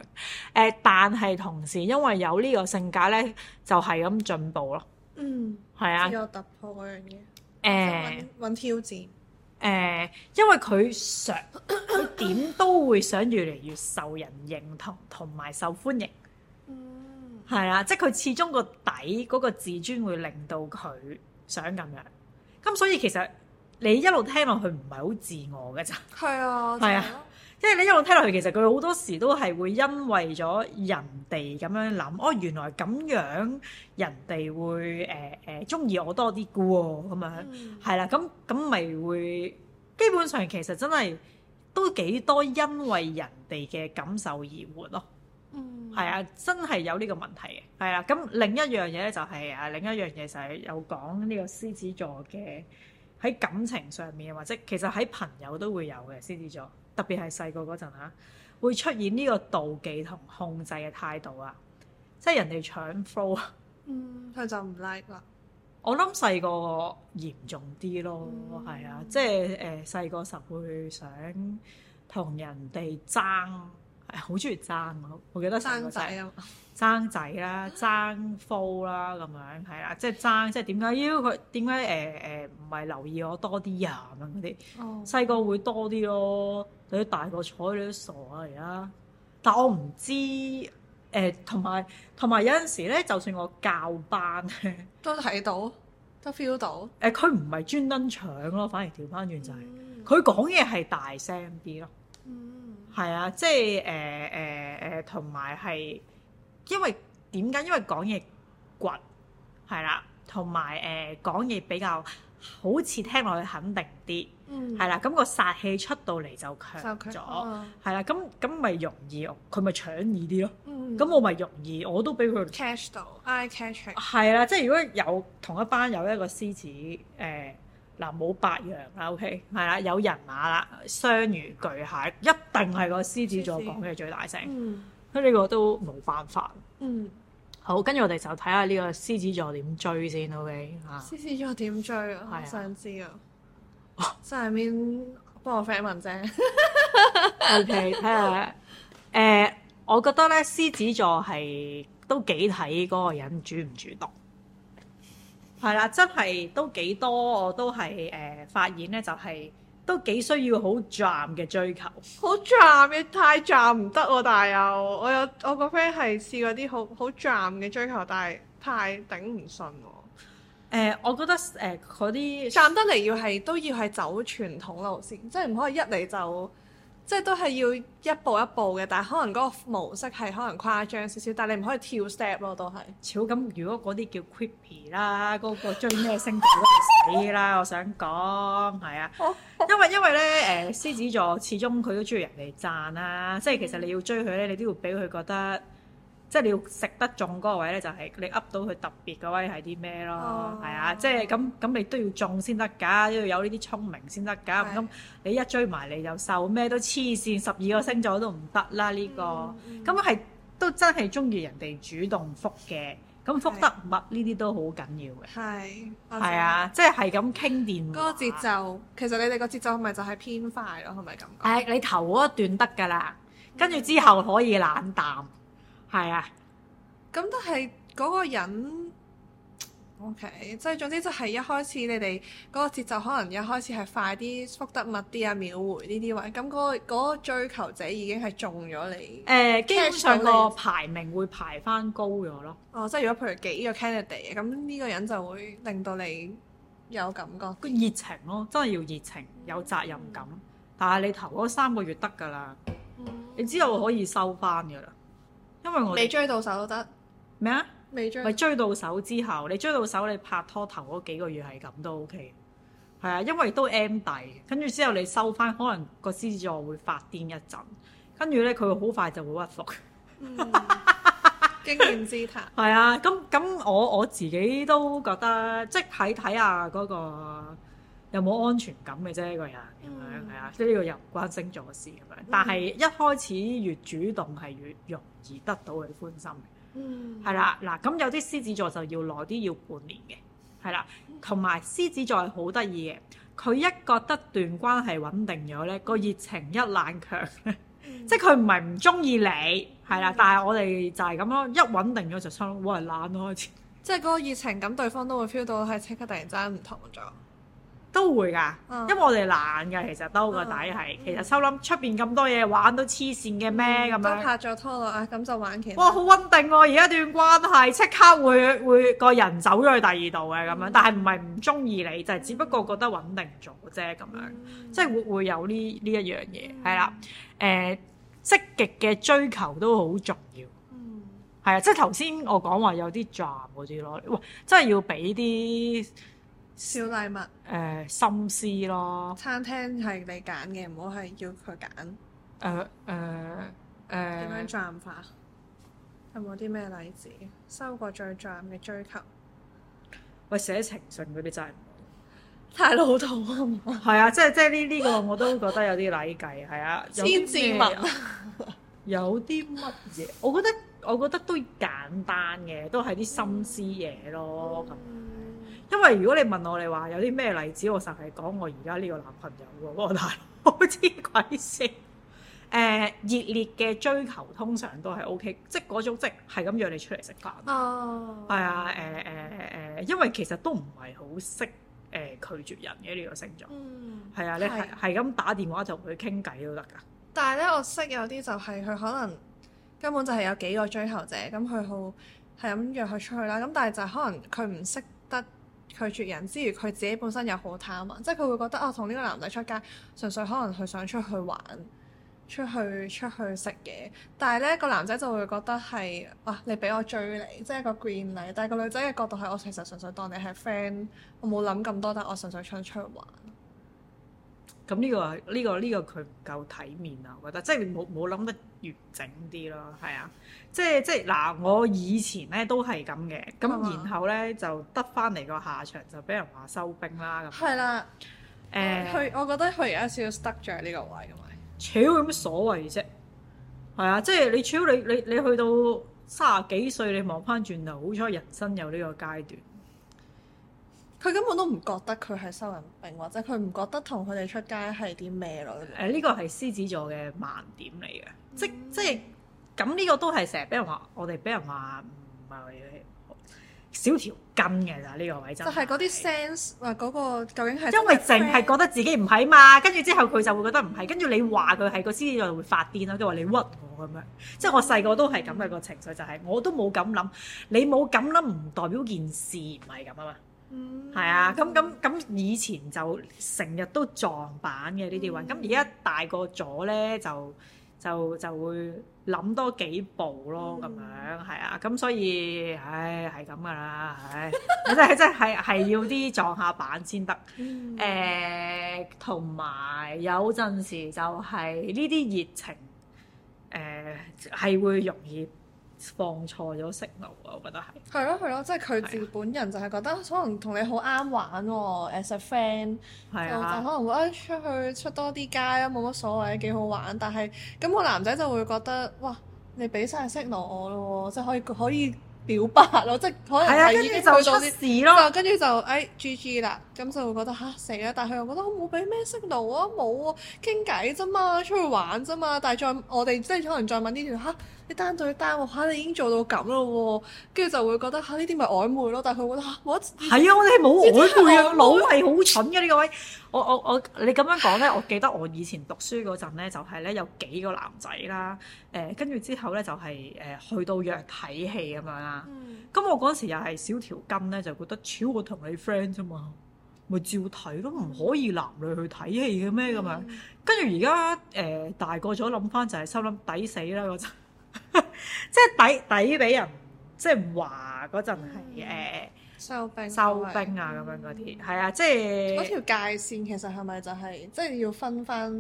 誒，但係同時因為有呢個性格咧，就係咁進步咯。嗯，係啊，有突破嗰樣嘢，誒、呃，搵挑戰，誒、呃，因為佢想，點都會想越嚟越受人認同，同埋受歡迎，嗯，係啊，即係佢始終個底嗰個自尊會令到佢想咁樣，咁所以其實你一路聽落去唔係好自我嘅咋？係、嗯、 啊，係、就係、啊。即係呢，因為我聽落去，其實佢好多時都係會因為咗人哋咁樣諗，哦，原來咁樣人哋會誒誒中意我多啲嘅喎，咁樣係啦，咁咁咪會基本上其實真係都幾多因為人哋嘅感受而活咯，嗯，係啊，真係有呢個問題嘅，係啦，咁另一樣嘢咧就係啊，另一樣嘢就係有講呢個獅子座嘅喺感情上面，或者其實喺朋友都會有嘅獅子座。特別係細個嗰陣啊，會出現呢個妒忌同控制嘅態度啊，即係人哋搶 flow，嗯，佢就唔 like 啦。我諗細個嚴重啲咯，係、嗯、啊，即係誒細個時候會想同人哋爭。好中意爭㗎，我記得細仔啊，係爭仔啦、爭夫啦咁樣，係啦，即係爭，即係點解？妖佢點解誒誒唔係留意我多啲啊？咁樣嗰啲，細個、oh. 會多啲咯，到啲大個坐嗰啲傻啊而家。但我唔知誒，同埋同埋有陣時咧，就算我教班 都睇到，都 feel 到。誒，佢唔係專登搶咯，反而調翻轉就係、是、佢、mm. 講嘢係大聲啲咯。Mm. 係啊，即係誒誒誒，同埋係，因為點解？因為講嘢倔，係啦，同埋誒講嘢比較好似聽落去肯定啲，嗯，係啦，咁、個殺氣出到嚟就強咗，係啦，咁咁咪容易，佢咪搶耳啲咯，咁、嗯、我咪容易，我都俾佢 catch 到，I catch him，係啦，即係如果有同一班有一個獅子誒。呃嗱冇、啊、白羊啦，OK，係啦、啊，有人馬啦，雙魚巨蟹一定係個獅子座講嘅最大聲，咁呢個都冇辦法。嗯，好，跟住我哋就睇下呢個獅子座點追先，OK 嚇。獅子座點追啊？我想知啊！即係面幫我 friend 問啫。OK，睇下。誒，我覺得咧，獅子座係都幾睇嗰個人主唔主動。係啦，真係都幾多，我都係誒、呃、發現咧，就係、是、都幾需要好 dram 嘅追求。好 dram 嘅，太 dram 唔得喎，但又我有我個 friend 係試過啲好好 dram 嘅追求，但係太頂唔順喎。我覺得誒嗰啲 dram 得嚟要係都要係走傳統路線，即係唔可以一嚟就。即係都係要一步一步嘅，但係可能嗰個模式係可能誇張少少，但係你唔可以跳 step 咯，都係。超咁，如果嗰啲叫 creepy 啦，嗰、嗰個追咩星座都係死啦， 我想講係啊，因為因為咧誒，獅子座始終佢都中意人哋讚啦、啊， 即係其實你要追佢咧，你都要俾佢覺得。即係你要食得中嗰個位咧，就係你噏到佢特別嗰位係啲咩咯？係啊，即係咁咁，你都要中先得㗎，都要有呢啲聰明先得㗎。咁你一追埋你就瘦，咩都黐線，十二個星座都唔得啦！呢個咁係都真係中意人哋主動覆嘅，咁覆得密呢啲都好緊要嘅。係係啊，即係係咁傾電話嗰個節奏，其實你哋個節奏係咪就係偏快咯？係咪咁？誒，你頭一段得㗎啦，跟住之後可以冷淡。係是啊，咁都係嗰個人，OK，即係總之，即係一開始你哋嗰個節奏可能一開始係快啲，覆得密啲啊，秒回呢啲位，咁嗰個追求者已經係中咗你。誒、欸，基本上個排名會排翻高咗咯。哦，即係如果譬如幾個 candidate，咁呢個人就會令到你有感覺，個熱情咯、啊，真係要熱情，有責任感，嗯、但係你頭嗰三個月得㗎啦，嗯、你之後可以收翻㗎啦。未追到手都得咩啊？未追麼，咪追到手之後，你追到手，你拍拖頭嗰幾個月係咁都 OK，係啊，因為都 M 底。跟住之後你收翻，可能個獅子座會發癲一陣，跟住咧佢會好快就會屈服。嗯、 經驗之談。係啊，咁咁我我自己都覺得，即係睇睇下嗰個。有冇安全感嘅啫，呢個人咁樣係啊，所以呢個又唔關星座事咁樣。但係一開始越主動係越容易得到佢啲歡心嘅，係啦、嗯。嗱咁有啲獅子座就要耐啲，要半年嘅，係啦。同埋獅子座係好得意嘅，佢一覺得段關係穩定咗咧，個熱情一冷卻，嗯、即係佢唔係唔中意你，係啦、嗯。但係我哋就係咁咯，一穩定咗就生喂懶開始，即係嗰個熱情感對方都會 feel 到係即刻突然之間唔同咗。都會噶，因為我哋懶噶，其實兜個底係，啊、其實收諗出邊咁多嘢玩都黐線嘅咩咁啊！拍咗拖咯啊，咁就玩其他。哇，好穩定喎、啊，而家段關係即刻會會個人走咗去第二度嘅咁樣，但係唔係唔中意你，就係、嗯、只不過覺得穩定咗啫咁樣，嗯、即係會會有呢呢一樣嘢係啦，誒、嗯，積極嘅追求都好重要，係啊、嗯，即係頭先我講話有啲 jam 嗰啲咯，哇，即係要俾啲。小禮物、呃，誒心思咯。餐廳係你揀嘅，唔好係要佢揀。誒誒誒。點樣贊法？有冇啲咩例子？收過最贊嘅追求？喂，寫情信嗰啲真係太老土 啊！係啊，就係，即係即係呢呢個我都覺得有啲禮計，係啊。千字文 有啲乜嘢？我覺得我覺得都簡單嘅，都係啲心思嘢咯咁。嗯因為如果你問我哋話有啲咩例子，我實係講我而家呢個男朋友喎，我大佬好黐鬼線。誒、 呃、熱烈嘅追求通常都係 O K，即係嗰種即係咁約你出嚟食飯。哦，係啊，誒誒誒誒，因為其實都唔係好識誒拒絕人嘅呢、呢個星座。Oh. 嗯，係啊，你係係咁打電話就同佢傾偈都得㗎。但係咧，我識有啲就係佢可能根本就係有幾個追求者，咁佢好係咁約佢出去啦。咁但係就係可能佢唔識得。拒絕人之餘，佢自己本身又好貪啊！即係佢會覺得啊，同呢個男仔出街，純粹可能佢想出去玩、出去出去食嘢。但係呢個男仔就會覺得係啊，你俾我追你，即係個 green 你。但係個女仔嘅角度係，我其實純粹當你係 friend，我冇諗咁多，但係我純粹想出去玩。咁呢、呢個呢、呢個呢個佢唔夠體面啊！我覺得即係冇冇諗得完整啲咯，係啊！即係即係嗱，我以前咧都係咁嘅，咁、啊、然後咧就得翻嚟個下場就俾人話收兵啦咁。係啦，誒，佢我覺得佢而家少少執着呢個位嘅位。超有乜所謂啫？係啊，即係你超你你你去到三十幾歲，你望翻轉頭，好彩人生有呢個階段。佢根本都唔覺得佢係收人兵，或者佢唔覺得同佢哋出街係啲咩咯？誒、啊，呢、這個係獅子座嘅盲點嚟嘅、嗯，即即咁呢個都係成日俾人話，我哋俾人話唔係少條筋嘅就呢個位就係嗰啲 sense，或嗰個究竟係因為淨係覺得自己唔係嘛，跟住之後佢就會覺得唔係，跟住你話佢係個獅子座就會發癲咯，即係話你屈我咁樣。即係我細個都係咁嘅個情緒、就是，就係我都冇咁諗，你冇咁諗唔代表件事唔係咁啊嘛。係、mm hmm. 啊，咁咁咁以前就成日都撞板嘅、mm hmm. 呢啲運，咁而家大個咗咧，就就就會諗多幾步咯，咁、mm hmm. 樣係啊，咁所以唉，係咁噶啦，唉，唉 真係真係係要啲撞下板先得，誒、mm，同、hmm. 埋、呃、有，有陣時就係呢啲熱情，誒、呃，係會容易，放錯咗 signal 啊！我覺得係係咯係咯，即係佢自己本人就係覺得可能同你好啱玩、哦、 ，as a friend， 就可能哎出去出多啲街啊，冇乜所謂，幾好玩。但係咁、嗰個男仔就會覺得哇，你俾曬 signal 我咯，即係可以可以表白咯，即係可能係已經去到啲事咯。跟住就，就哎 GG 啦，咁就會覺得吓，死、啊、啦！但佢又覺得我冇俾咩 signal 啊，冇啊，傾偈啫嘛，出去玩啫嘛。但係再我哋即係可能再問呢條嚇。啊一單對單，嚇、啊、你已經做到咁咯喎，跟住就會覺得嚇呢啲咪曖昧咯，但係佢覺得我冇。係啊，我哋冇曖昧啊！老魏好蠢嘅呢、呢個位，我我我你咁樣講咧，我記得我以前讀書嗰陣咧，就係咧有幾個男仔啦，誒跟住之後咧就係、是、誒、呃、去到約睇戲咁樣啦。咁、嗯、我嗰時又係少條筋咧，就覺得超過同你 friend 啫嘛，咪照睇都唔可以男女去睇戲嘅咩咁樣？跟住而家誒大個咗，諗翻就係心諗抵死啦嗰 即係抵抵俾人，即係話嗰陣係誒，嗯欸、收兵收兵啊咁樣嗰啲，係、嗯、啊，即係嗰條界線其實係咪就係、是，即、就、係、是、要分翻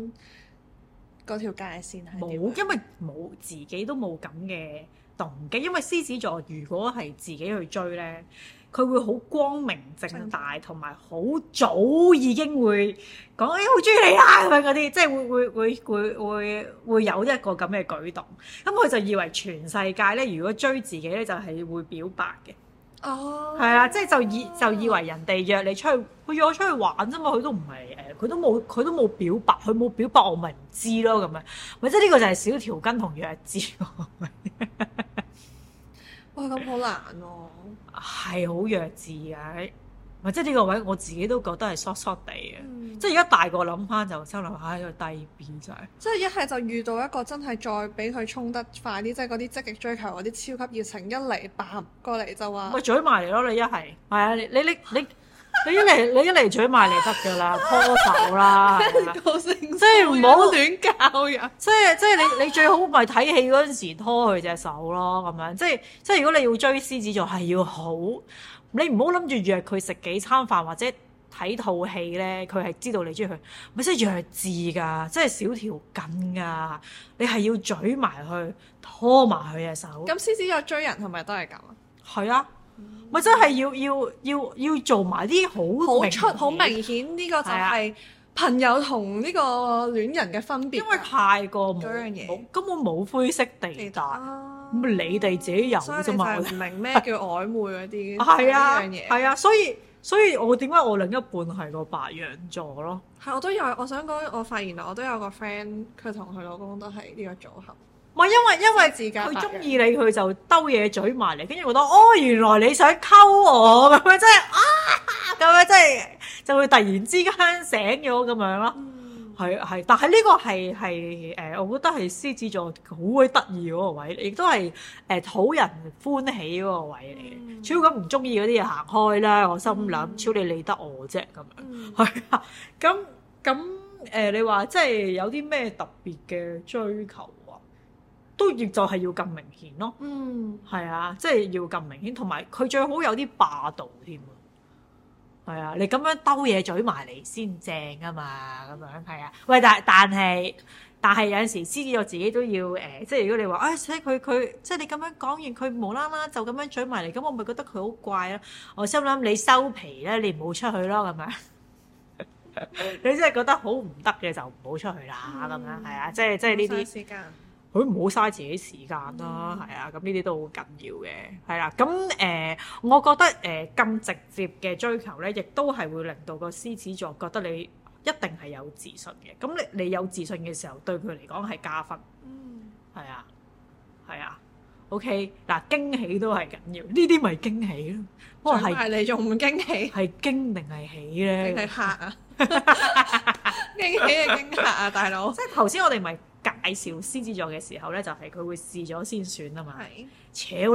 嗰條界線係冇，因為冇自己都冇咁嘅動機，因為獅子座如果係自己去追咧。佢會好光明正大，同埋好早已經會講誒，好中意你啊咁樣嗰啲，即係會會會會會會有一個咁嘅舉動。咁佢就以為全世界咧，如果追自己咧，就係會表白嘅。哦，係啊，即係就以就以為人哋約你出去，佢約我出去玩啫嘛，佢都唔係誒，佢都冇佢都冇表白，佢冇表白我，我咪唔知咯咁樣，或者呢個就係小條根同弱智。 哇，咁好難喎，啊！係好弱智嘅。唔係，即呢個位我自己都覺得係疏疏地嘅。嗯、即係而家大個諗翻就收留下喺個低就曬、係。即係一係就遇到一個真係再俾佢衝得快啲，即係嗰啲積極追求嗰啲超級熱情，一嚟爆過嚟就話：，咪嘴埋嚟咯！你一係係啊，你你你。你你你 你一嚟你一嚟嘴埋嚟得噶啦，拖手啦， 即係唔好亂教人， 即係即係你你最好咪睇戲嗰陣時拖佢隻手咯，咁樣即係即係如果你要追獅子座係要好，你唔好諗住約佢食幾餐飯或者睇套戲咧，佢係知道你中意佢，咪即係弱智噶，即係少條筋噶，你係要嘴埋佢，拖埋佢隻手。咁獅子座追人係咪都係咁啊？係啊。咪真係要要要要做埋啲好好出好明顯呢個就係朋友同呢個戀人嘅分別，因為太過樣嘢根本冇灰色地帶。咁你哋、啊、自己有啫嘛？我唔明咩叫曖昧嗰啲。係 啊，係啊，所以所以我點解我另一半係個白羊座咯？係，我都有。我想講，我發現我都有個 friend，佢同佢老公都係呢個組合。唔係因為因為自己佢中意你佢就兜嘢嘴埋嚟，跟住我覺得哦，原來你想溝我咁樣，即係啊咁樣，即係就會突然之間醒咗咁樣咯。係係，但係呢個係係誒，我覺得係獅子座好鬼得意嗰個位，亦都係誒討人歡喜嗰個位嚟嘅。超級唔中意嗰啲嘢行開啦，我心諗超你理得我啫咁樣，係啊。咁咁誒，你話即係有啲咩特別嘅追求？都亦就係要咁明顯咯，嗯，係啊，即係要咁明顯，同埋佢最好有啲霸道添，係啊，你咁樣兜嘢嘴埋嚟先正噶嘛，咁樣係啊，喂，但但係但係有陣時，獅子我自己都要誒，即係如果你話啊，睇佢佢即係你咁樣講完，佢無啦啦就咁樣嘴埋嚟，咁我咪覺得佢好怪咯，我心諗你收皮咧，你唔好出去咯，咁樣，你真係覺得好唔得嘅就唔好出去啦，咁樣係啊，即係即係呢啲。佢唔好嘥自己時間啦，係啊，咁呢啲都好緊要嘅，係啦。咁誒，我覺得誒咁直接嘅追求咧，亦都係會令到個獅子座覺得你一定係有自信嘅。咁你你有自信嘅時候，對佢嚟講係加分。嗯，係啊，係啊。OK，嗱，驚喜都係緊要，呢啲咪驚喜咯。仲係你仲唔驚喜？係驚定係喜咧？驚嚇啊！驚喜啊！驚嚇啊！大佬，即係頭先我哋咪。介紹獅子座嘅時候呢，就係佢會試咗先算啊嘛。係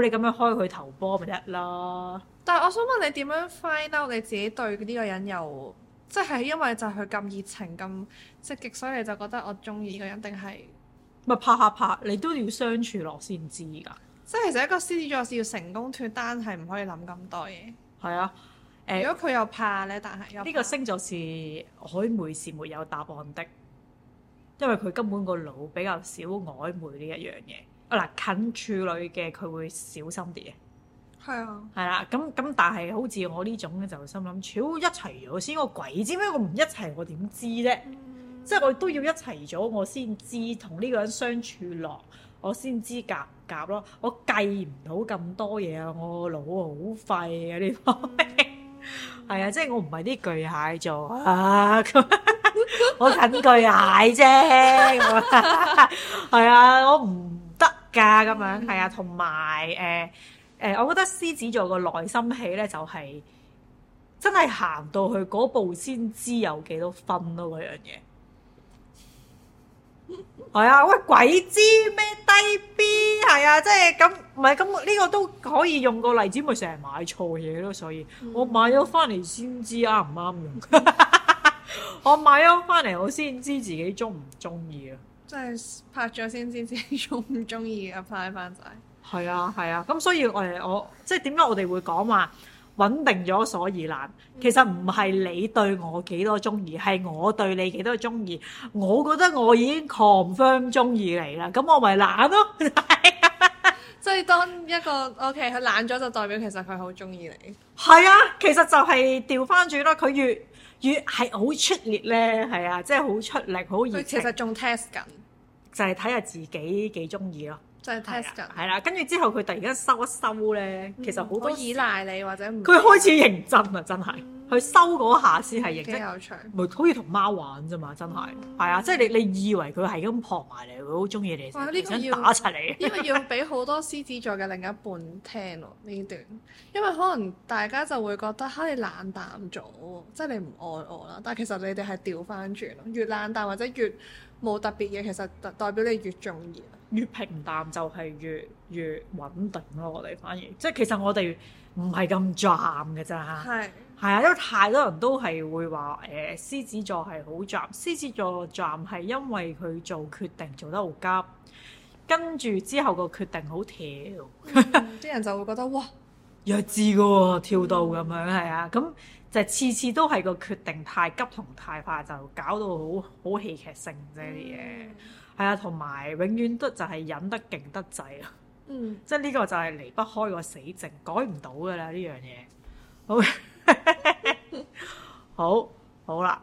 你咁樣開佢頭波咪得咯。但係我想問你點樣 find out 你自己對呢個人，又即係因為就係佢咁熱情咁積極，所以你就覺得我中意嗰人，定係咪拍下拍，你都要相處落先知㗎。即係其實一個獅子座是要成功脱單，係唔可以諗咁多嘢。係啊，誒、呃，如果佢又怕呢，但係呢個星座是可以每時是沒有答案的。因為佢根本個腦比較少曖昧呢一樣嘢，啊嗱近處女嘅佢會小心啲，係啊，係啦，咁咁但係好似我呢種咧，就心諗，超一齊咗先，我鬼知咩？我唔一齊，我點知啫？即係我都要一齊咗，我先知同呢個人相處落，我先知夾唔夾咯。我計唔到咁多嘢啊！我個腦好廢啊！呢方係啊，即係我唔係啲巨蟹座啊！我近巨蟹啫，係 啊，我唔得噶咁樣，係啊，同埋誒誒，我覺得獅子座個內心戲咧，就係、是、真係行到去嗰步先知有幾多分咯，啊，嗰樣嘢係 啊，喂，鬼知咩低 B，係啊，即係咁，唔係咁呢個都可以用個例子，咪成日買錯嘢咯，所以我買咗翻嚟先知啱唔啱用。 我買咗翻嚟，我先知自己中唔中意啊！即係拍咗先，先知自己中唔中意 apply 翻仔。係啊，係啊，咁所以我，我即係點解我哋會講話穩定咗所以懶？其實唔係你對我幾多中意，係我對你幾多中意。我覺得我已經 confirm 中意你啦，咁我咪懶咯。 所以當一個 O K，佢懶咗就代表其實佢好中意你。係啊，其實就係調翻轉咯，佢越。越係好出力咧，係啊，即係好出力，好熱情。佢其實仲 test 緊，就係睇下自己幾中意咯。真係 test 人啦，跟住之後佢突然間收一收咧，其實好多、嗯、依賴你或者佢開始認真啊！真係，佢收嗰下先係認真有趣，好似同貓玩啫嘛！真係係啊，即係你你以為佢係咁撲埋你，佢好中意你呢先，呢個、要打柒你。因為要俾好多獅子座嘅另一半聽喎呢段，因為可能大家就會覺得嚇 你冷淡咗，即係你唔愛我啦。但係其實你哋係調翻轉咯，越冷淡或者越冇特別嘢，其實代表你越中意。越平淡就係越越穩定咯，我哋反而即係其實我哋唔係咁站嘅咋。嚇是，係啊，因為太多人都係會話誒、欸，獅子座係好站，獅子座站係因為佢做決定做得好急，跟住之後個決定好跳，啲、嗯、 人就會覺得哇弱智噶喎、哦，跳到咁樣係啊，咁、嗯、就次次都係個決定太急同太快，就搞到好好戲劇性啫啲嘢。係啊，同埋永遠都就係忍得勁得滯啊！嗯，即係呢個就係離不開個死症，改唔到㗎喇呢樣嘢。Okay. 好，好好啦，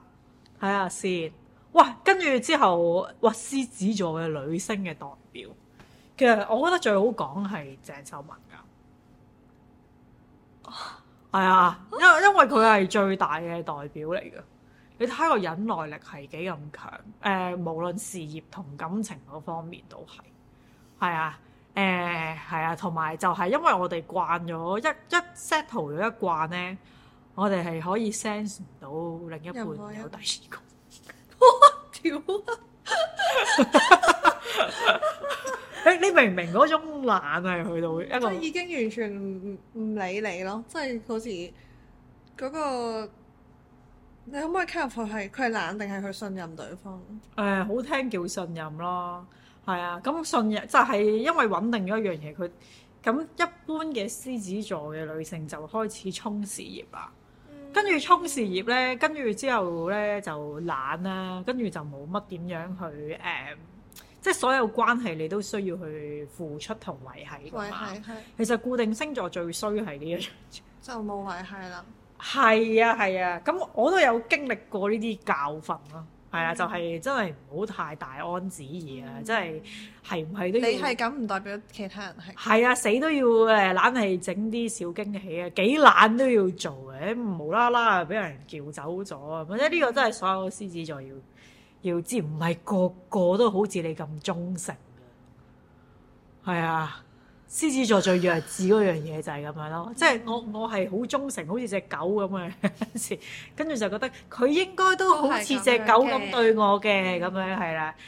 睇下先。哇，跟住之後，哇！獅子座嘅女星嘅代表，其實我覺得最好講係鄭秀文㗎。係啊， 因為因為佢係最大嘅代表嚟嘅。你睇個忍耐力係幾咁強？誒、呃，無論事業同感情嗰方面都係，係啊，誒、呃、係啊，同埋就係因為我哋慣咗一一 set up 咗一慣，咧，我哋係可以 sense 唔到另一半有第二個。屌你、啊 欸、你明唔明嗰種懶係去到一個？即係已經完全唔唔理你咯，即、就、係、是、好似嗰、那個你可唔可以傾入去？係佢係懶定係去信任對方？誒、呃，好聽叫信任咯，係啊。咁信任就係、是、因為穩定咗一樣嘢，佢咁一般嘅獅子座嘅女性就開始衝事業啦。跟住衝事業咧，跟住之後咧就懶啦，跟住就冇乜點樣去誒，um, 即係所有關係你都需要去付出同維係嘅嘛。維係其實固定星座最衰係呢一種，就冇維係啦。.係啊，係啊，咁、啊、我都有經歷過呢啲教訓咯。係啊，就係、是、真係唔好太大安旨意啊，嗯、真係係唔係都要你係咁，唔代表其他人係。係啊，死都要誒，懶係整啲小驚喜啊，幾懶都要做嘅、欸，無啦啦俾人撬走咗啊！或者呢個真係所有獅子座要要知，唔係個個都好似你咁忠誠啊。係啊。獅子座最弱智嗰樣嘢就係咁樣咯，即係我我係好忠誠，好似隻狗咁嘅 跟住就覺得佢應該都好似隻狗咁對我嘅咁樣係啦樣、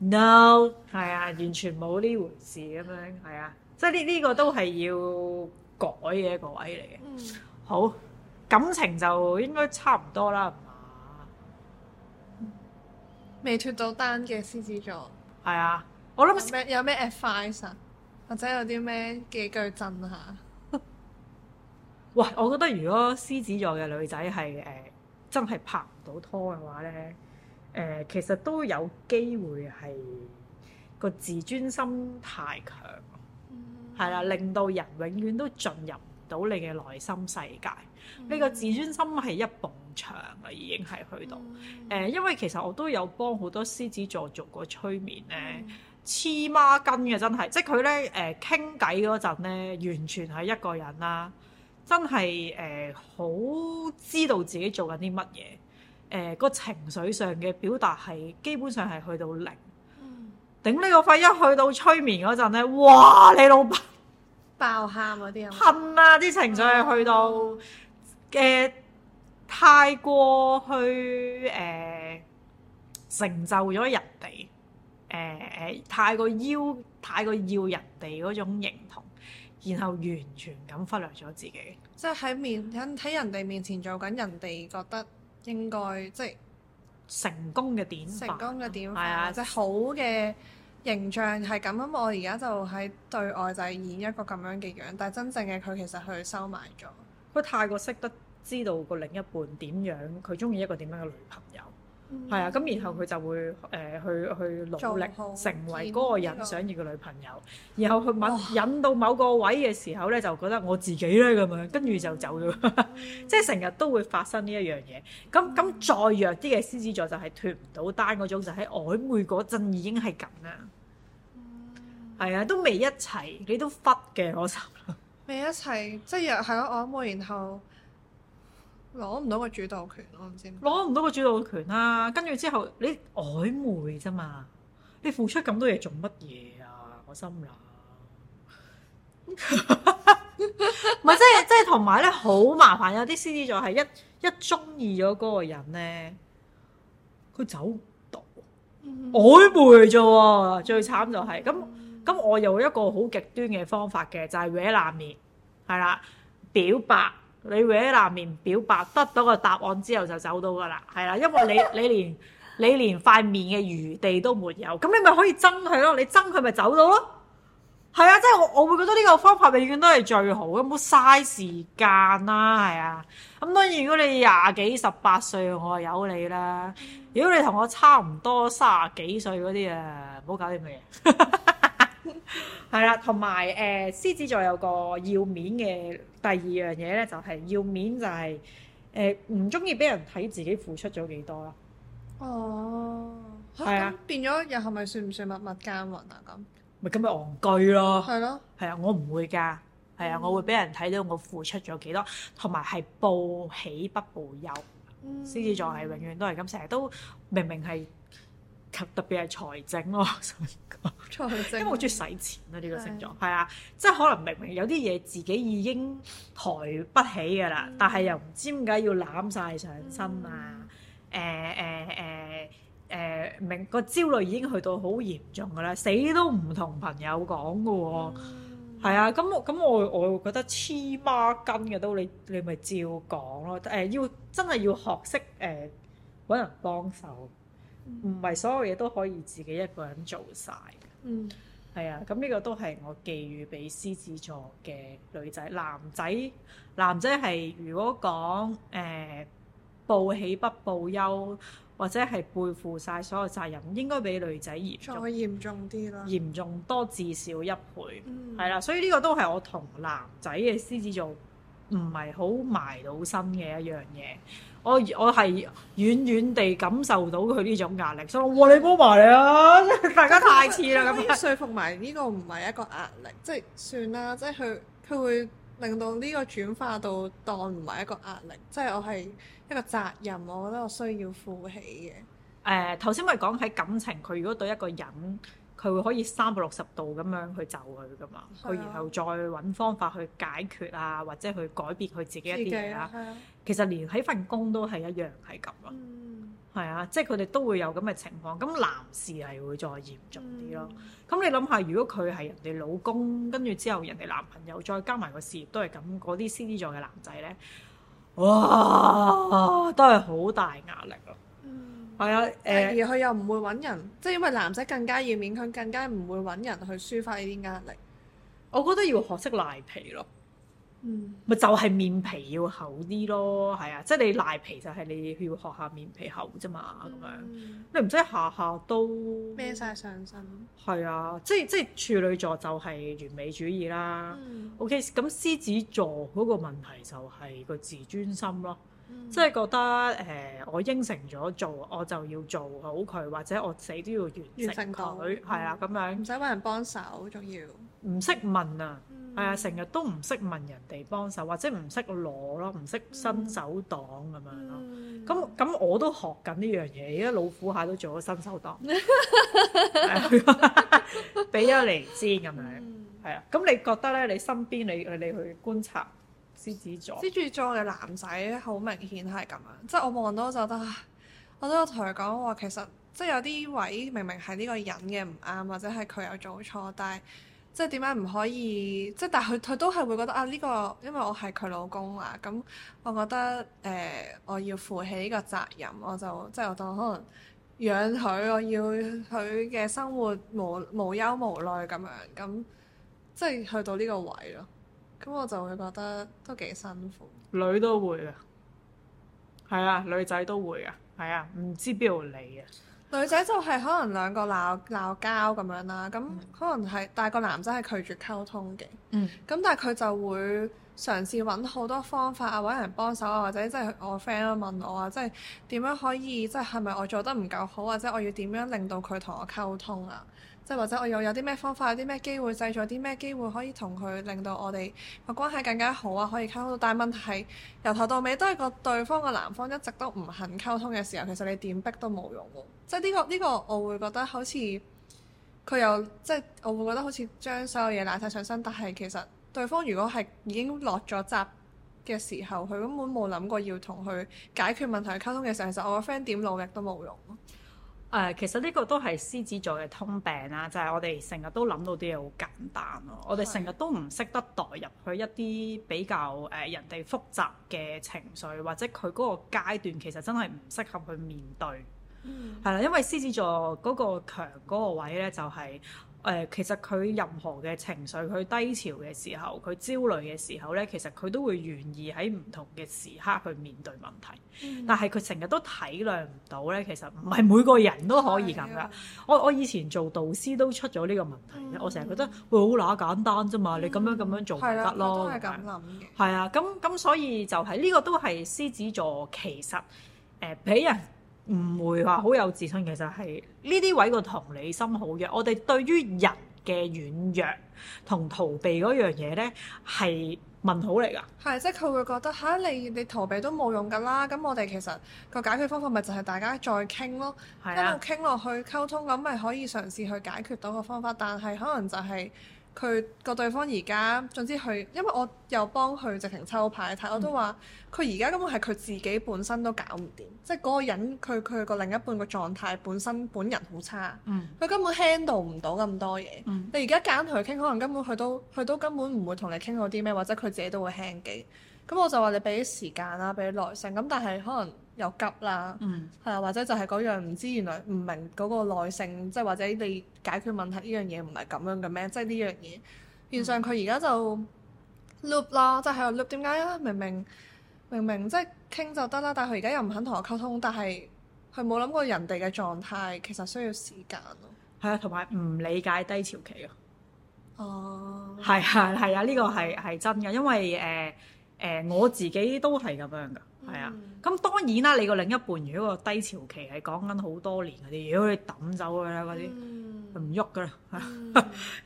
嗯。No，係啊，完全冇呢回事咁樣係啊，即係呢呢個都係要改嘅一個位嚟嘅。嗯、好感情就應該差唔多啦，係嘛？未脫到單嘅獅子座，係啊，我諗有咩 advice 啊？或者有啲咩幾句震吓？哇！我覺得如果獅子座嘅女仔係誒真係拍唔到拖嘅話咧，誒、呃、其實都有機會係個自尊心太強，係啦、mm hmm. 啊，令到人永遠都進入唔到你嘅內心世界。呢、mm hmm. 個自尊心係一埲牆啊，已經係去到誒、mm hmm. 呃，因為其實我都有幫好多獅子座做過催眠咧。Mm hmm. 黐孖筋嘅真係，即係佢咧誒傾偈嗰陣咧，完全係一個人啦、啊，真係誒、呃、好知道自己做緊啲乜嘢，誒、呃、個情緒上嘅表達係基本上係去到零，嗯、頂你個肺一去到催眠嗰陣咧，哇！你老爆喊嗰啲啊，噴啊啲情緒係去到嘅噢、呃、太過去誒、呃、成就咗人哋。誒誒、呃、太過要太過要人哋種認同，然後完全咁忽略咗自己。即係喺面喺人哋面前做緊人哋覺得應該即係成功嘅點，成功嘅點，係啊！即係好嘅形象係咁樣，我而家就喺對外就係演一個咁樣嘅樣，但係真正嘅佢其實佢收埋咗。佢太過識得知道個另一半點樣，佢中意一個點樣嘅女朋友。係啊，咁、嗯、然後佢就會誒、呃、去去努力成為嗰個人想要嘅女朋友，這個嗯、然後去引引到某個位嘅時候咧，就覺得我自己咧咁樣，跟住、哦、就走咗。 即係成日都會發生呢一樣嘢。咁咁、嗯、再弱啲嘅獅子座就係脫唔到單嗰種，就喺、是、曖昧嗰陣已經係咁啦。係啊、嗯，都未一齊，你都忽嘅我心。未一齊即係弱係咯曖昧，然後。攞唔到個主導權咯，唔知攞唔到個主導權啦。跟住之後你曖昧啫嘛，你付出咁多嘢做乜嘢啊？我心諗唔係即係即係，同埋咧好麻煩嘅。啲獅子座係一一中意咗嗰個人咧，佢走唔到，曖昧啫。最慘就係咁咁，我有一個好極端嘅方法嘅，就係搲爛面，係啦，表白。你會喺南面表白，得到個答案之後就走到噶啦，係啦，因為你你連你連塊面嘅餘地都沒有，咁你咪可以憎佢咯，你憎佢咪走到咯，係啊，即係我我會覺得呢個方法永遠都係最好，有冇嘥時間啦？係啊，咁當然如果你廿幾十八歲，我有你啦。如果你同我差唔多卅幾歲嗰啲啊，唔好搞啲乜嘢。 係啦，同埋誒獅子座有個要面嘅第二樣嘢咧，就係、是、要面就係誒唔中意俾人睇自己付出咗幾多咯。哦，係啊了、哦、變咗又係咪算唔算默默耕耘啊？咁咪咁咪戇居咯。係咯了，係啊，我唔會㗎。係啊，嗯、我會俾人睇到我付出咗幾多，同埋係報喜不報憂。嗯、獅子座係永遠都係咁，成日都明明係。特別係財政咯，財政， 因為我中意使錢啊，呢個星座係啊，即係可能明明有啲嘢自己已經抬不起㗎啦，嗯、但係又唔知點解要攬晒上身啊，誒誒誒誒，明個焦慮已經去到好嚴重㗎啦，死都唔同朋友講㗎喎。係啊，咁咁、嗯啊、我我會覺得黐孖筋嘅都，你你咪照講咯。誒、呃，要真係要學識誒搵人幫手。唔係所有嘢都可以自己一個人做晒。嗯，係啊，咁呢個都係我寄語俾獅子座嘅女仔、男仔。男仔係如果講誒、呃、報喜不報憂，或者係背負晒所有責任，應該比女仔嚴重嚴重啲啦，嚴重多至少一倍。嗯，係啦，所以呢個都係我同男仔嘅獅子座。唔係好埋到心嘅一樣嘢，我我係遠遠地感受到佢呢種壓力，所以我你幫埋你啊， 大家太黐啦咁，説服埋呢個唔係一， 一個壓力，即係算啦，即係佢佢會令到呢個轉化到當唔係一個壓力，即係我係一個責任，我覺得我需要負起嘅。誒、呃，頭先我係講喺感情，佢如果對一個人。佢會可以三百六十度咁樣去就佢噶嘛，佢、啊、然後再揾方法去解決啊，或者去改變佢自己一啲嘢啦。啊、其實連喺份工都係一樣係咁啊。係、嗯、啊，即係佢哋都會有咁嘅情況。咁男士係會再嚴重啲咯。咁、嗯、你諗下，如果佢係人哋老公，跟住之後人哋男朋友再加埋個事業都係咁，嗰啲獅子座嘅男仔呢，哇，都係好大壓力啊。係啊，嗯、而佢又唔會揾人，即係因為男仔更加要勉強，佢更加唔會揾人去抒發呢啲壓力。我覺得要學識賴皮咯，嗯，咪就係面皮要厚啲咯，係啊，即係你賴皮就係你要學下面皮厚啫嘛，咁、嗯、樣你唔使下下都孭晒上身。係啊，即係即係處女座就係完美主義啦。O K，咁獅子座嗰個問題就係個自尊心咯。即係、嗯、覺得誒、呃，我應承咗做，我就要做好佢，或者我死都要完成佢，係啊咁樣。唔使揾人幫手，仲要唔識問啊？係、嗯、啊，成日都唔識問人哋幫手，或者唔識攞咯，唔識伸手黨咁樣咯。咁咁我都學緊呢樣嘢，而家老虎蟹都做咗伸手黨，俾咗嚟知咁樣。係啊，咁你覺得咧？你身邊你你，你，你去觀察？獅子座，獅子座嘅男仔好明顯係咁樣，即係我望到就覺得，我都有同佢講話，其實即係有啲位明明係呢個人嘅唔啱，或者係佢有做錯，但係即係點解唔可以？即係但係佢佢都係會覺得啊，呢個因為我係佢老公啊，咁我覺得誒，我要負起呢個責任，我就即係我當可能養佢，我要佢嘅生活無無憂無慮咁樣，咁即係去到呢個位咯。咁我就會覺得都幾辛苦。女都會啊，係啊，女仔都會啊，係啊，唔知邊度嚟啊。女仔就係可能兩個鬧鬧交咁樣啦，咁可能係、嗯、但係個男仔係拒絕溝通嘅。嗯。咁但係佢就會嘗試揾好多方法啊，揾人幫手啊，或者即係我 friend 都問我啊，即係點樣可以即係係咪我做得唔夠好，啊，或者我要點樣令到佢同我溝通啊？即或者我又有啲咩方法，有啲咩機會製作，製造啲咩機會可以同佢令到我哋個關係更加好啊！可以溝通到，但係問題由頭到尾都係個對方個男方一直都唔肯溝通嘅時候，其實你點逼都冇用喎。即係呢個呢個，這個、我會覺得好似佢又即係，就是、我會覺得好似將所有嘢攬晒上身。但係其實對方如果係已經落咗閘嘅時候，佢根本冇諗過要同佢解決問題溝通嘅時候，其實我個 friend 點努力都冇用。誒，uh, 其實呢個都係獅子座嘅通病啦、啊，就係、是、我哋成日都諗到啲嘢好簡單咯、啊，我哋成日都唔識得代入去一啲比較誒、呃、人哋複雜嘅情緒，或者佢嗰個階段其實真係唔適合去面對，係啦、嗯，因為獅子座嗰個強嗰個位咧就係、是。誒、呃，其實佢任何嘅情緒，佢低潮嘅時候，佢焦慮嘅時候呢，其實佢都會願意喺唔同嘅時刻去面對問題。嗯、但係佢成日都體諒唔到呢，其實唔係每個人都可以咁㗎。嗯、我我以前做導師都出咗呢個問題，嗯、我成日覺得會好乸簡單啫嘛，嗯、你咁樣咁樣做唔得咯。係啊、嗯，咁咁所以就係、是、呢、這個都係獅子座，其實誒，俾、呃、人。唔會話好有自信，其實係呢啲位個同理心好弱。我哋對於人嘅軟弱同逃避嗰樣嘢呢，係問號嚟㗎。係即係佢會覺得吓，你，你逃避都冇用㗎啦。咁我哋其實個解決方法咪就係大家再傾咯，的一路傾落去溝通，咁咪可以嘗試去解決到個方法。但係可能就係、是。佢個對方而家，總之佢，因為我又幫佢直情抽牌睇，我都話佢而家根本係佢自己本身都搞唔掂，即係嗰個人佢佢個另一半個狀態本身本人好差，佢、嗯、根本 handle 唔到咁多嘢。嗯、你而家揀同佢傾，可能根本佢都佢都根本唔會同你傾到啲咩，或者佢自己都會 handle。咁我就話你俾啲時間啦、啊，俾啲耐性。咁但係可能。又急啦，係啊、嗯，或者就係嗰樣唔知原來唔明嗰個耐性，即係或者你解決問題呢樣嘢唔係咁樣嘅咩？即係呢樣嘢，原上佢而家就 loop 啦，就係、是、loop。點解啊？明明明明即係傾就得啦，但係佢而家又唔肯同我溝通，但係佢冇諗過人哋嘅狀態其實需要時間咯。係、嗯、啊，同埋唔理解低潮期咯。哦、嗯，係係係啊，呢、啊呢個係係真嘅，因為誒誒、呃呃、我自己都係咁樣噶。咁、嗯、當然啦，你個另一半如果個低潮期係講緊好多年嗰啲，妖你抌走佢啦嗰啲，唔喐㗎啦。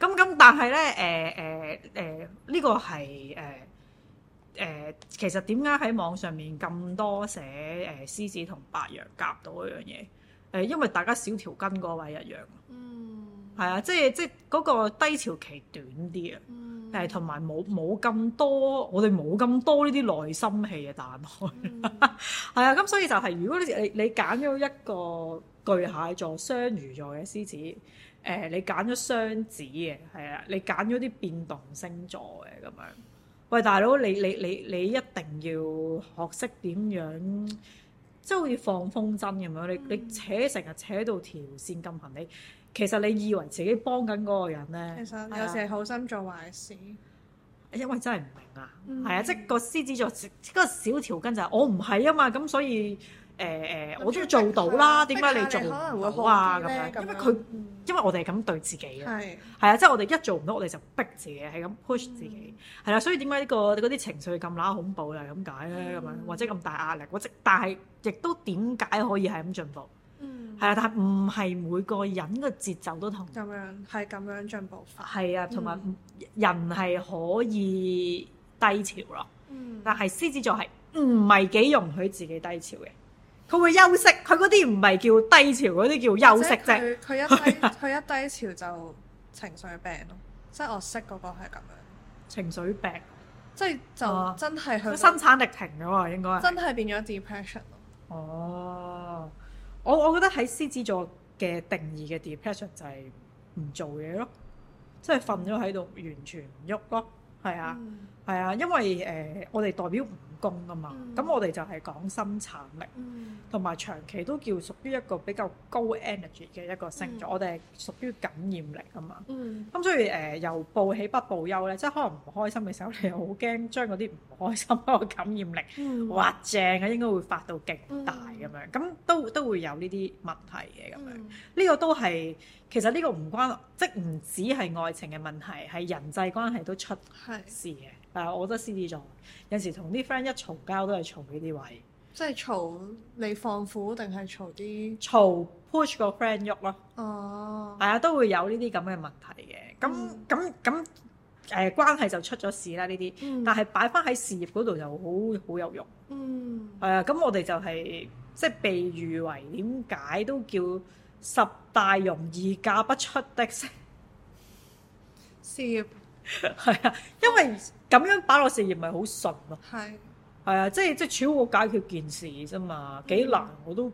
咁咁，但係咧，誒誒誒，呢、呃呃這個係誒誒，其實點解喺網上面咁多寫誒、呃、獅子同白羊夾到嗰樣嘢？誒、呃，因為大家少條筋嗰位一樣。嗯。係啊，即係即係嗰個低潮期短啲啊，誒同埋冇冇咁多，我哋冇咁多呢啲內心嘅嘢，大佬、嗯。係 啊，咁所以就係，如果你你你揀咗一個巨蟹座、雙魚座嘅獅子，誒、呃、你揀咗雙子嘅，係啊，你揀咗啲變動星座嘅咁樣，喂，大佬你你你你，你一定要學識點樣，即、就、係、是、好似放風箏咁樣，嗯、你你扯成日扯到條線咁痕你。其實你以為自己幫緊嗰個人咧？其實有時係好心做壞事，啊、因為真係唔明啊！係、嗯、啊，即、就、係、是、個獅子座嗰、那個小條筋就係我唔係啊嘛，咁所以誒誒，我、呃、都做到啦。點解你做唔到啊？咁樣，因為佢、嗯、因為我哋係咁對自己嘅，係係、嗯、啊，即、就、係、是、我哋一做唔到，我哋就逼自己，係咁 push 自己，係啦、嗯啊。所以點解呢個嗰啲情緒咁乸恐怖咧？咁解咧？咁樣或者咁大壓力，或者但係亦都點解可以係咁進步？係啊，但係唔係每個人嘅節奏都同。咁樣係咁樣進步法。係啊，同埋、嗯、人係可以低潮咯。嗯。但係獅子座係唔係幾容許自己低潮嘅？佢會休息，佢嗰啲唔係叫低潮，嗰啲叫休息啫。佢一低佢 一低潮就情緒病咯。 即係我識嗰個係咁樣。情緒病。即係就，就、哦、真係佢。生產力停咗喎，應該。真係變咗 depression 咯。哦。我我覺得喺獅子座嘅定義嘅 depression 就係唔做嘢咯，即係瞓咗喺度完全唔喐咯，係啊。嗯。係啊，因為誒，我哋代表武功啊嘛，咁我哋就係講生產力，同埋長期都叫屬於一個比較高 energy 嘅一個星座。我哋係屬於感染力啊嘛，咁所以誒，由報喜不報憂咧，即係可能唔開心嘅時候，你又好驚將嗰啲唔開心嗰個感染力，哇正啊，應該會發到勁大咁樣，咁都都會有呢啲問題嘅咁樣。呢個都係其實呢個唔關即唔止係愛情嘅問題，係人際關係都出事嘅。啊，uh, 我覺得獅子座，有時同啲 friend 一嘈交都係嘈呢啲位，即係嘈你放苦定係嘈啲嘈 push 個 friend 喐咯。哦，係啊，都會有呢啲咁嘅問題嘅。咁咁咁誒，關係就出咗事啦。呢啲，嗯、但係擺翻喺事業嗰度就好好有用。嗯，係啊、uh, 就是。咁我哋就係即係被譽為點解都叫十大容易嫁不出的事業，係啊， 因為。Okay. 咁樣擺落事業咪好順咯？係係啊，即係即係主要我解決件事啫嘛，幾難我都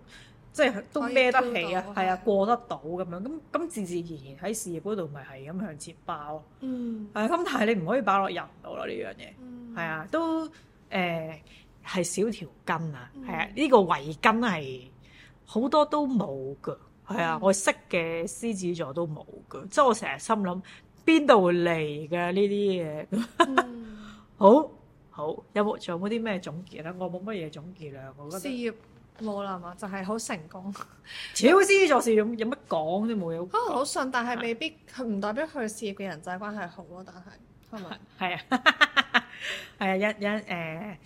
即係都孭得起啊，係啊，過得到咁樣，咁咁自自然然喺事業嗰度咪係咁向前爆。嗯，係咁，但係你唔可以擺落人度啦呢樣嘢。係啊，都誒係少條筋啊。係啊，呢個圍巾係好多都冇㗎。係啊，我識嘅獅子座都冇㗎。即係我成日心諗邊度嚟㗎呢啲嘢？好好，有冇，仲有冇啲咩總結咧？我冇乜嘢總結量，我覺得我事業冇啦嘛，就係、係、好成功。屌 級，事業做事有乜講都冇嘢。可能好順，但係未必佢唔 代表佢事業嘅人際關係好咯。但係係咪？係啊， 係 啊，一，一，誒、欸，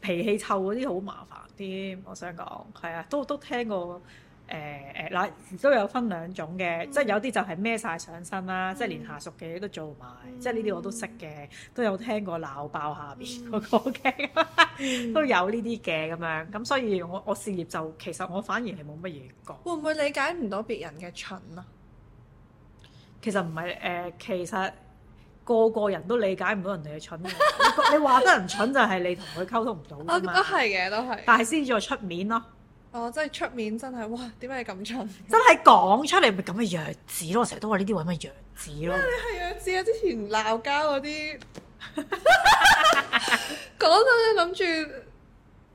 脾氣臭嗰啲好麻煩添。我想講係啊，都都，都聽過。誒誒，嗱、呃呃、都有分兩種嘅，即係有啲就係孭晒上身啦，嗯、即係連下屬嘅都做埋，嗯、即係呢啲我都識嘅，都有聽過鬧爆下邊嗰個，OK、嗯、 都有呢啲嘅咁樣。咁所以我我事業就其實我反而係冇乜嘢講。會唔會理解唔到別人嘅蠢啊？其實唔係誒，其實個個人都理解唔到人哋嘅蠢的。 你你話得人蠢就係你同佢溝通唔到咁啊？都係嘅，都係。但係先至出面咯。哦，真係出面真係，哇！點解你咁蠢？真係講出嚟咪咁嘅弱智咯，我成日都話呢啲話咩弱智咯？你係弱智啊！之前鬧交嗰啲，講到你諗住，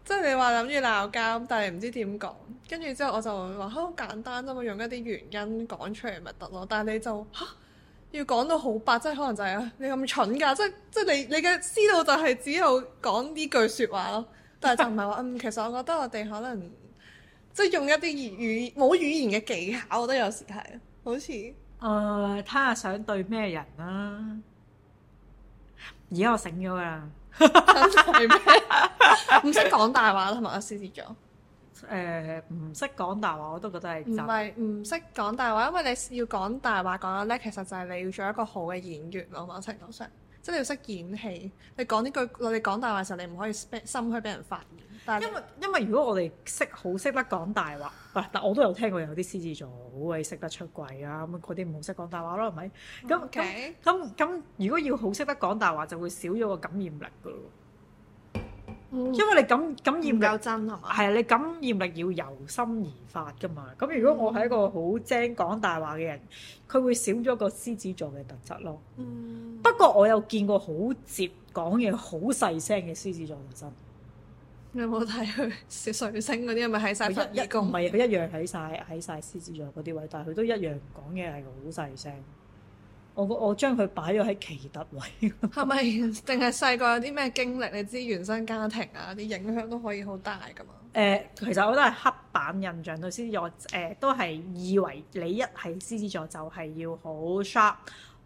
即係你話諗住鬧交，但係唔知點講，跟住之後我就話哦，好簡單啫嘛，用一啲原因講出嚟咪得咯。但係你就、啊、要講到好白，即係可能就係啊，你咁蠢㗎，即係即係你你嘅思路就係只有講呢句説話咯。但係就唔係話嗯，其實我覺得我哋可能。即係用一啲語語冇語言嘅技巧，我覺得有時係，好似，誒、呃，睇下想對咩人啦、啊。而家我醒咗啊，唔識講大話啦，同埋我試試咗。誒、呃，唔識講大話，我都覺得係唔係唔識講大話，因為你要講大話講得叻，其實就係你要做一個好嘅演員咯。某程度上，即係你要識演戲。你講呢句，我哋講大話嘅時候，你唔可以心虛俾人發現。因為因為如果我哋識好識得講大話，嗱、啊，但我都有聽過有啲獅子座好鬼識得出軌啊，咁嗰啲唔好識講大話咯，係咪、嗯？咁咁咁如果要好識得講大話，就會少咗個感染力噶咯。嗯、因為你感感染力夠真係嘛？係啊，你感染力要由心而發噶嘛。咁如果我係一個好精講大話嘅人，佢、嗯、會少咗個獅子座嘅特質咯。嗯、不過我有見過好接講嘢好細聲嘅獅子座人。你有冇睇佢小水星嗰啲？咪喺晒？一個？佢唔係佢一樣喺晒。喺晒獅子座嗰啲位，但係佢都一樣講嘢係好細聲。我我將佢擺咗喺其他位。係咪定係細個有啲咩經歷？你知原生家庭啊啲影響都可以好大㗎嘛？誒、呃，其實我都係黑板印象到獅子座誒、呃，都係以為你一係獅子座就係、是、要好 sharp、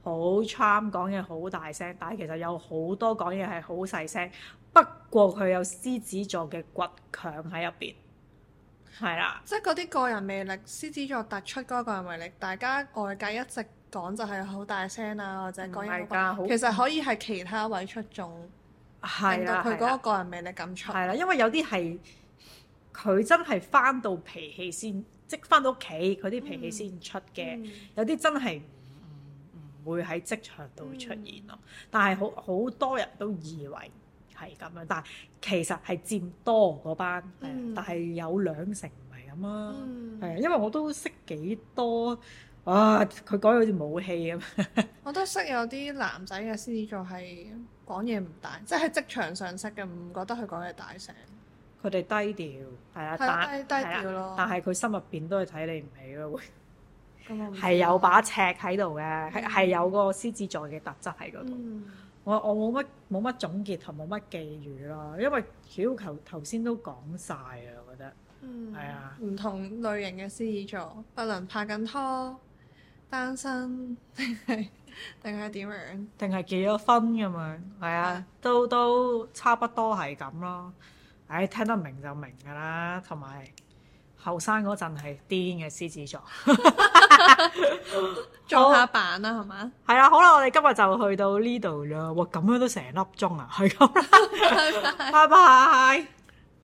好 charm，講嘢好大聲。但係其實有好多講嘢係好細聲。不過佢有獅子座嘅倔強喺入邊，係啦，即係嗰啲個人魅力，獅子座突出嗰個人魅力，大家外界一直講就係好大聲啊，或者講嘢、那個、好，其實可以係其他位出眾，令的到佢嗰個個人魅力咁出。係啦，因為有啲係佢真係返到脾氣先，即係返到屋企佢啲脾氣先出嘅，嗯、有啲真係唔唔會喺職場度出現咯。嗯、但係好好多人都以為，係咁樣，但係其實係佔多嗰班，但係有兩成唔係咁啊，係、嗯、因為我都識幾多，哇、啊！佢講嘢好似武器咁。 我都識有啲男仔嘅獅子座係講嘢唔大， 即係職場上識嘅，唔覺得佢講嘢大聲。佢哋低調，係啊，但的低，低調咯。但係佢心入邊都係睇你唔起咯，會係有把尺喺度嘅，係係、嗯、有個獅子座嘅特質喺嗰度。嗯嗯。我我冇乜冇乜總結同冇乜寄語咯、啊，因為屌頭頭先都講晒啊，我覺得，係、嗯、啊，唔同類型嘅獅子座，不論拍緊拖，單身定係定係點樣？定係結咗婚咁樣，係啊，啊都都差不多係咁咯。唉、哎，聽得明就明㗎啦，同埋。後生嗰陣係癲嘅獅子座。 做版、啊，做下扮啦，係咪？係啦，好啦，我哋今日就去到呢度啦。哇，咁樣都成粒鐘啊，係咁啦，拜 拜。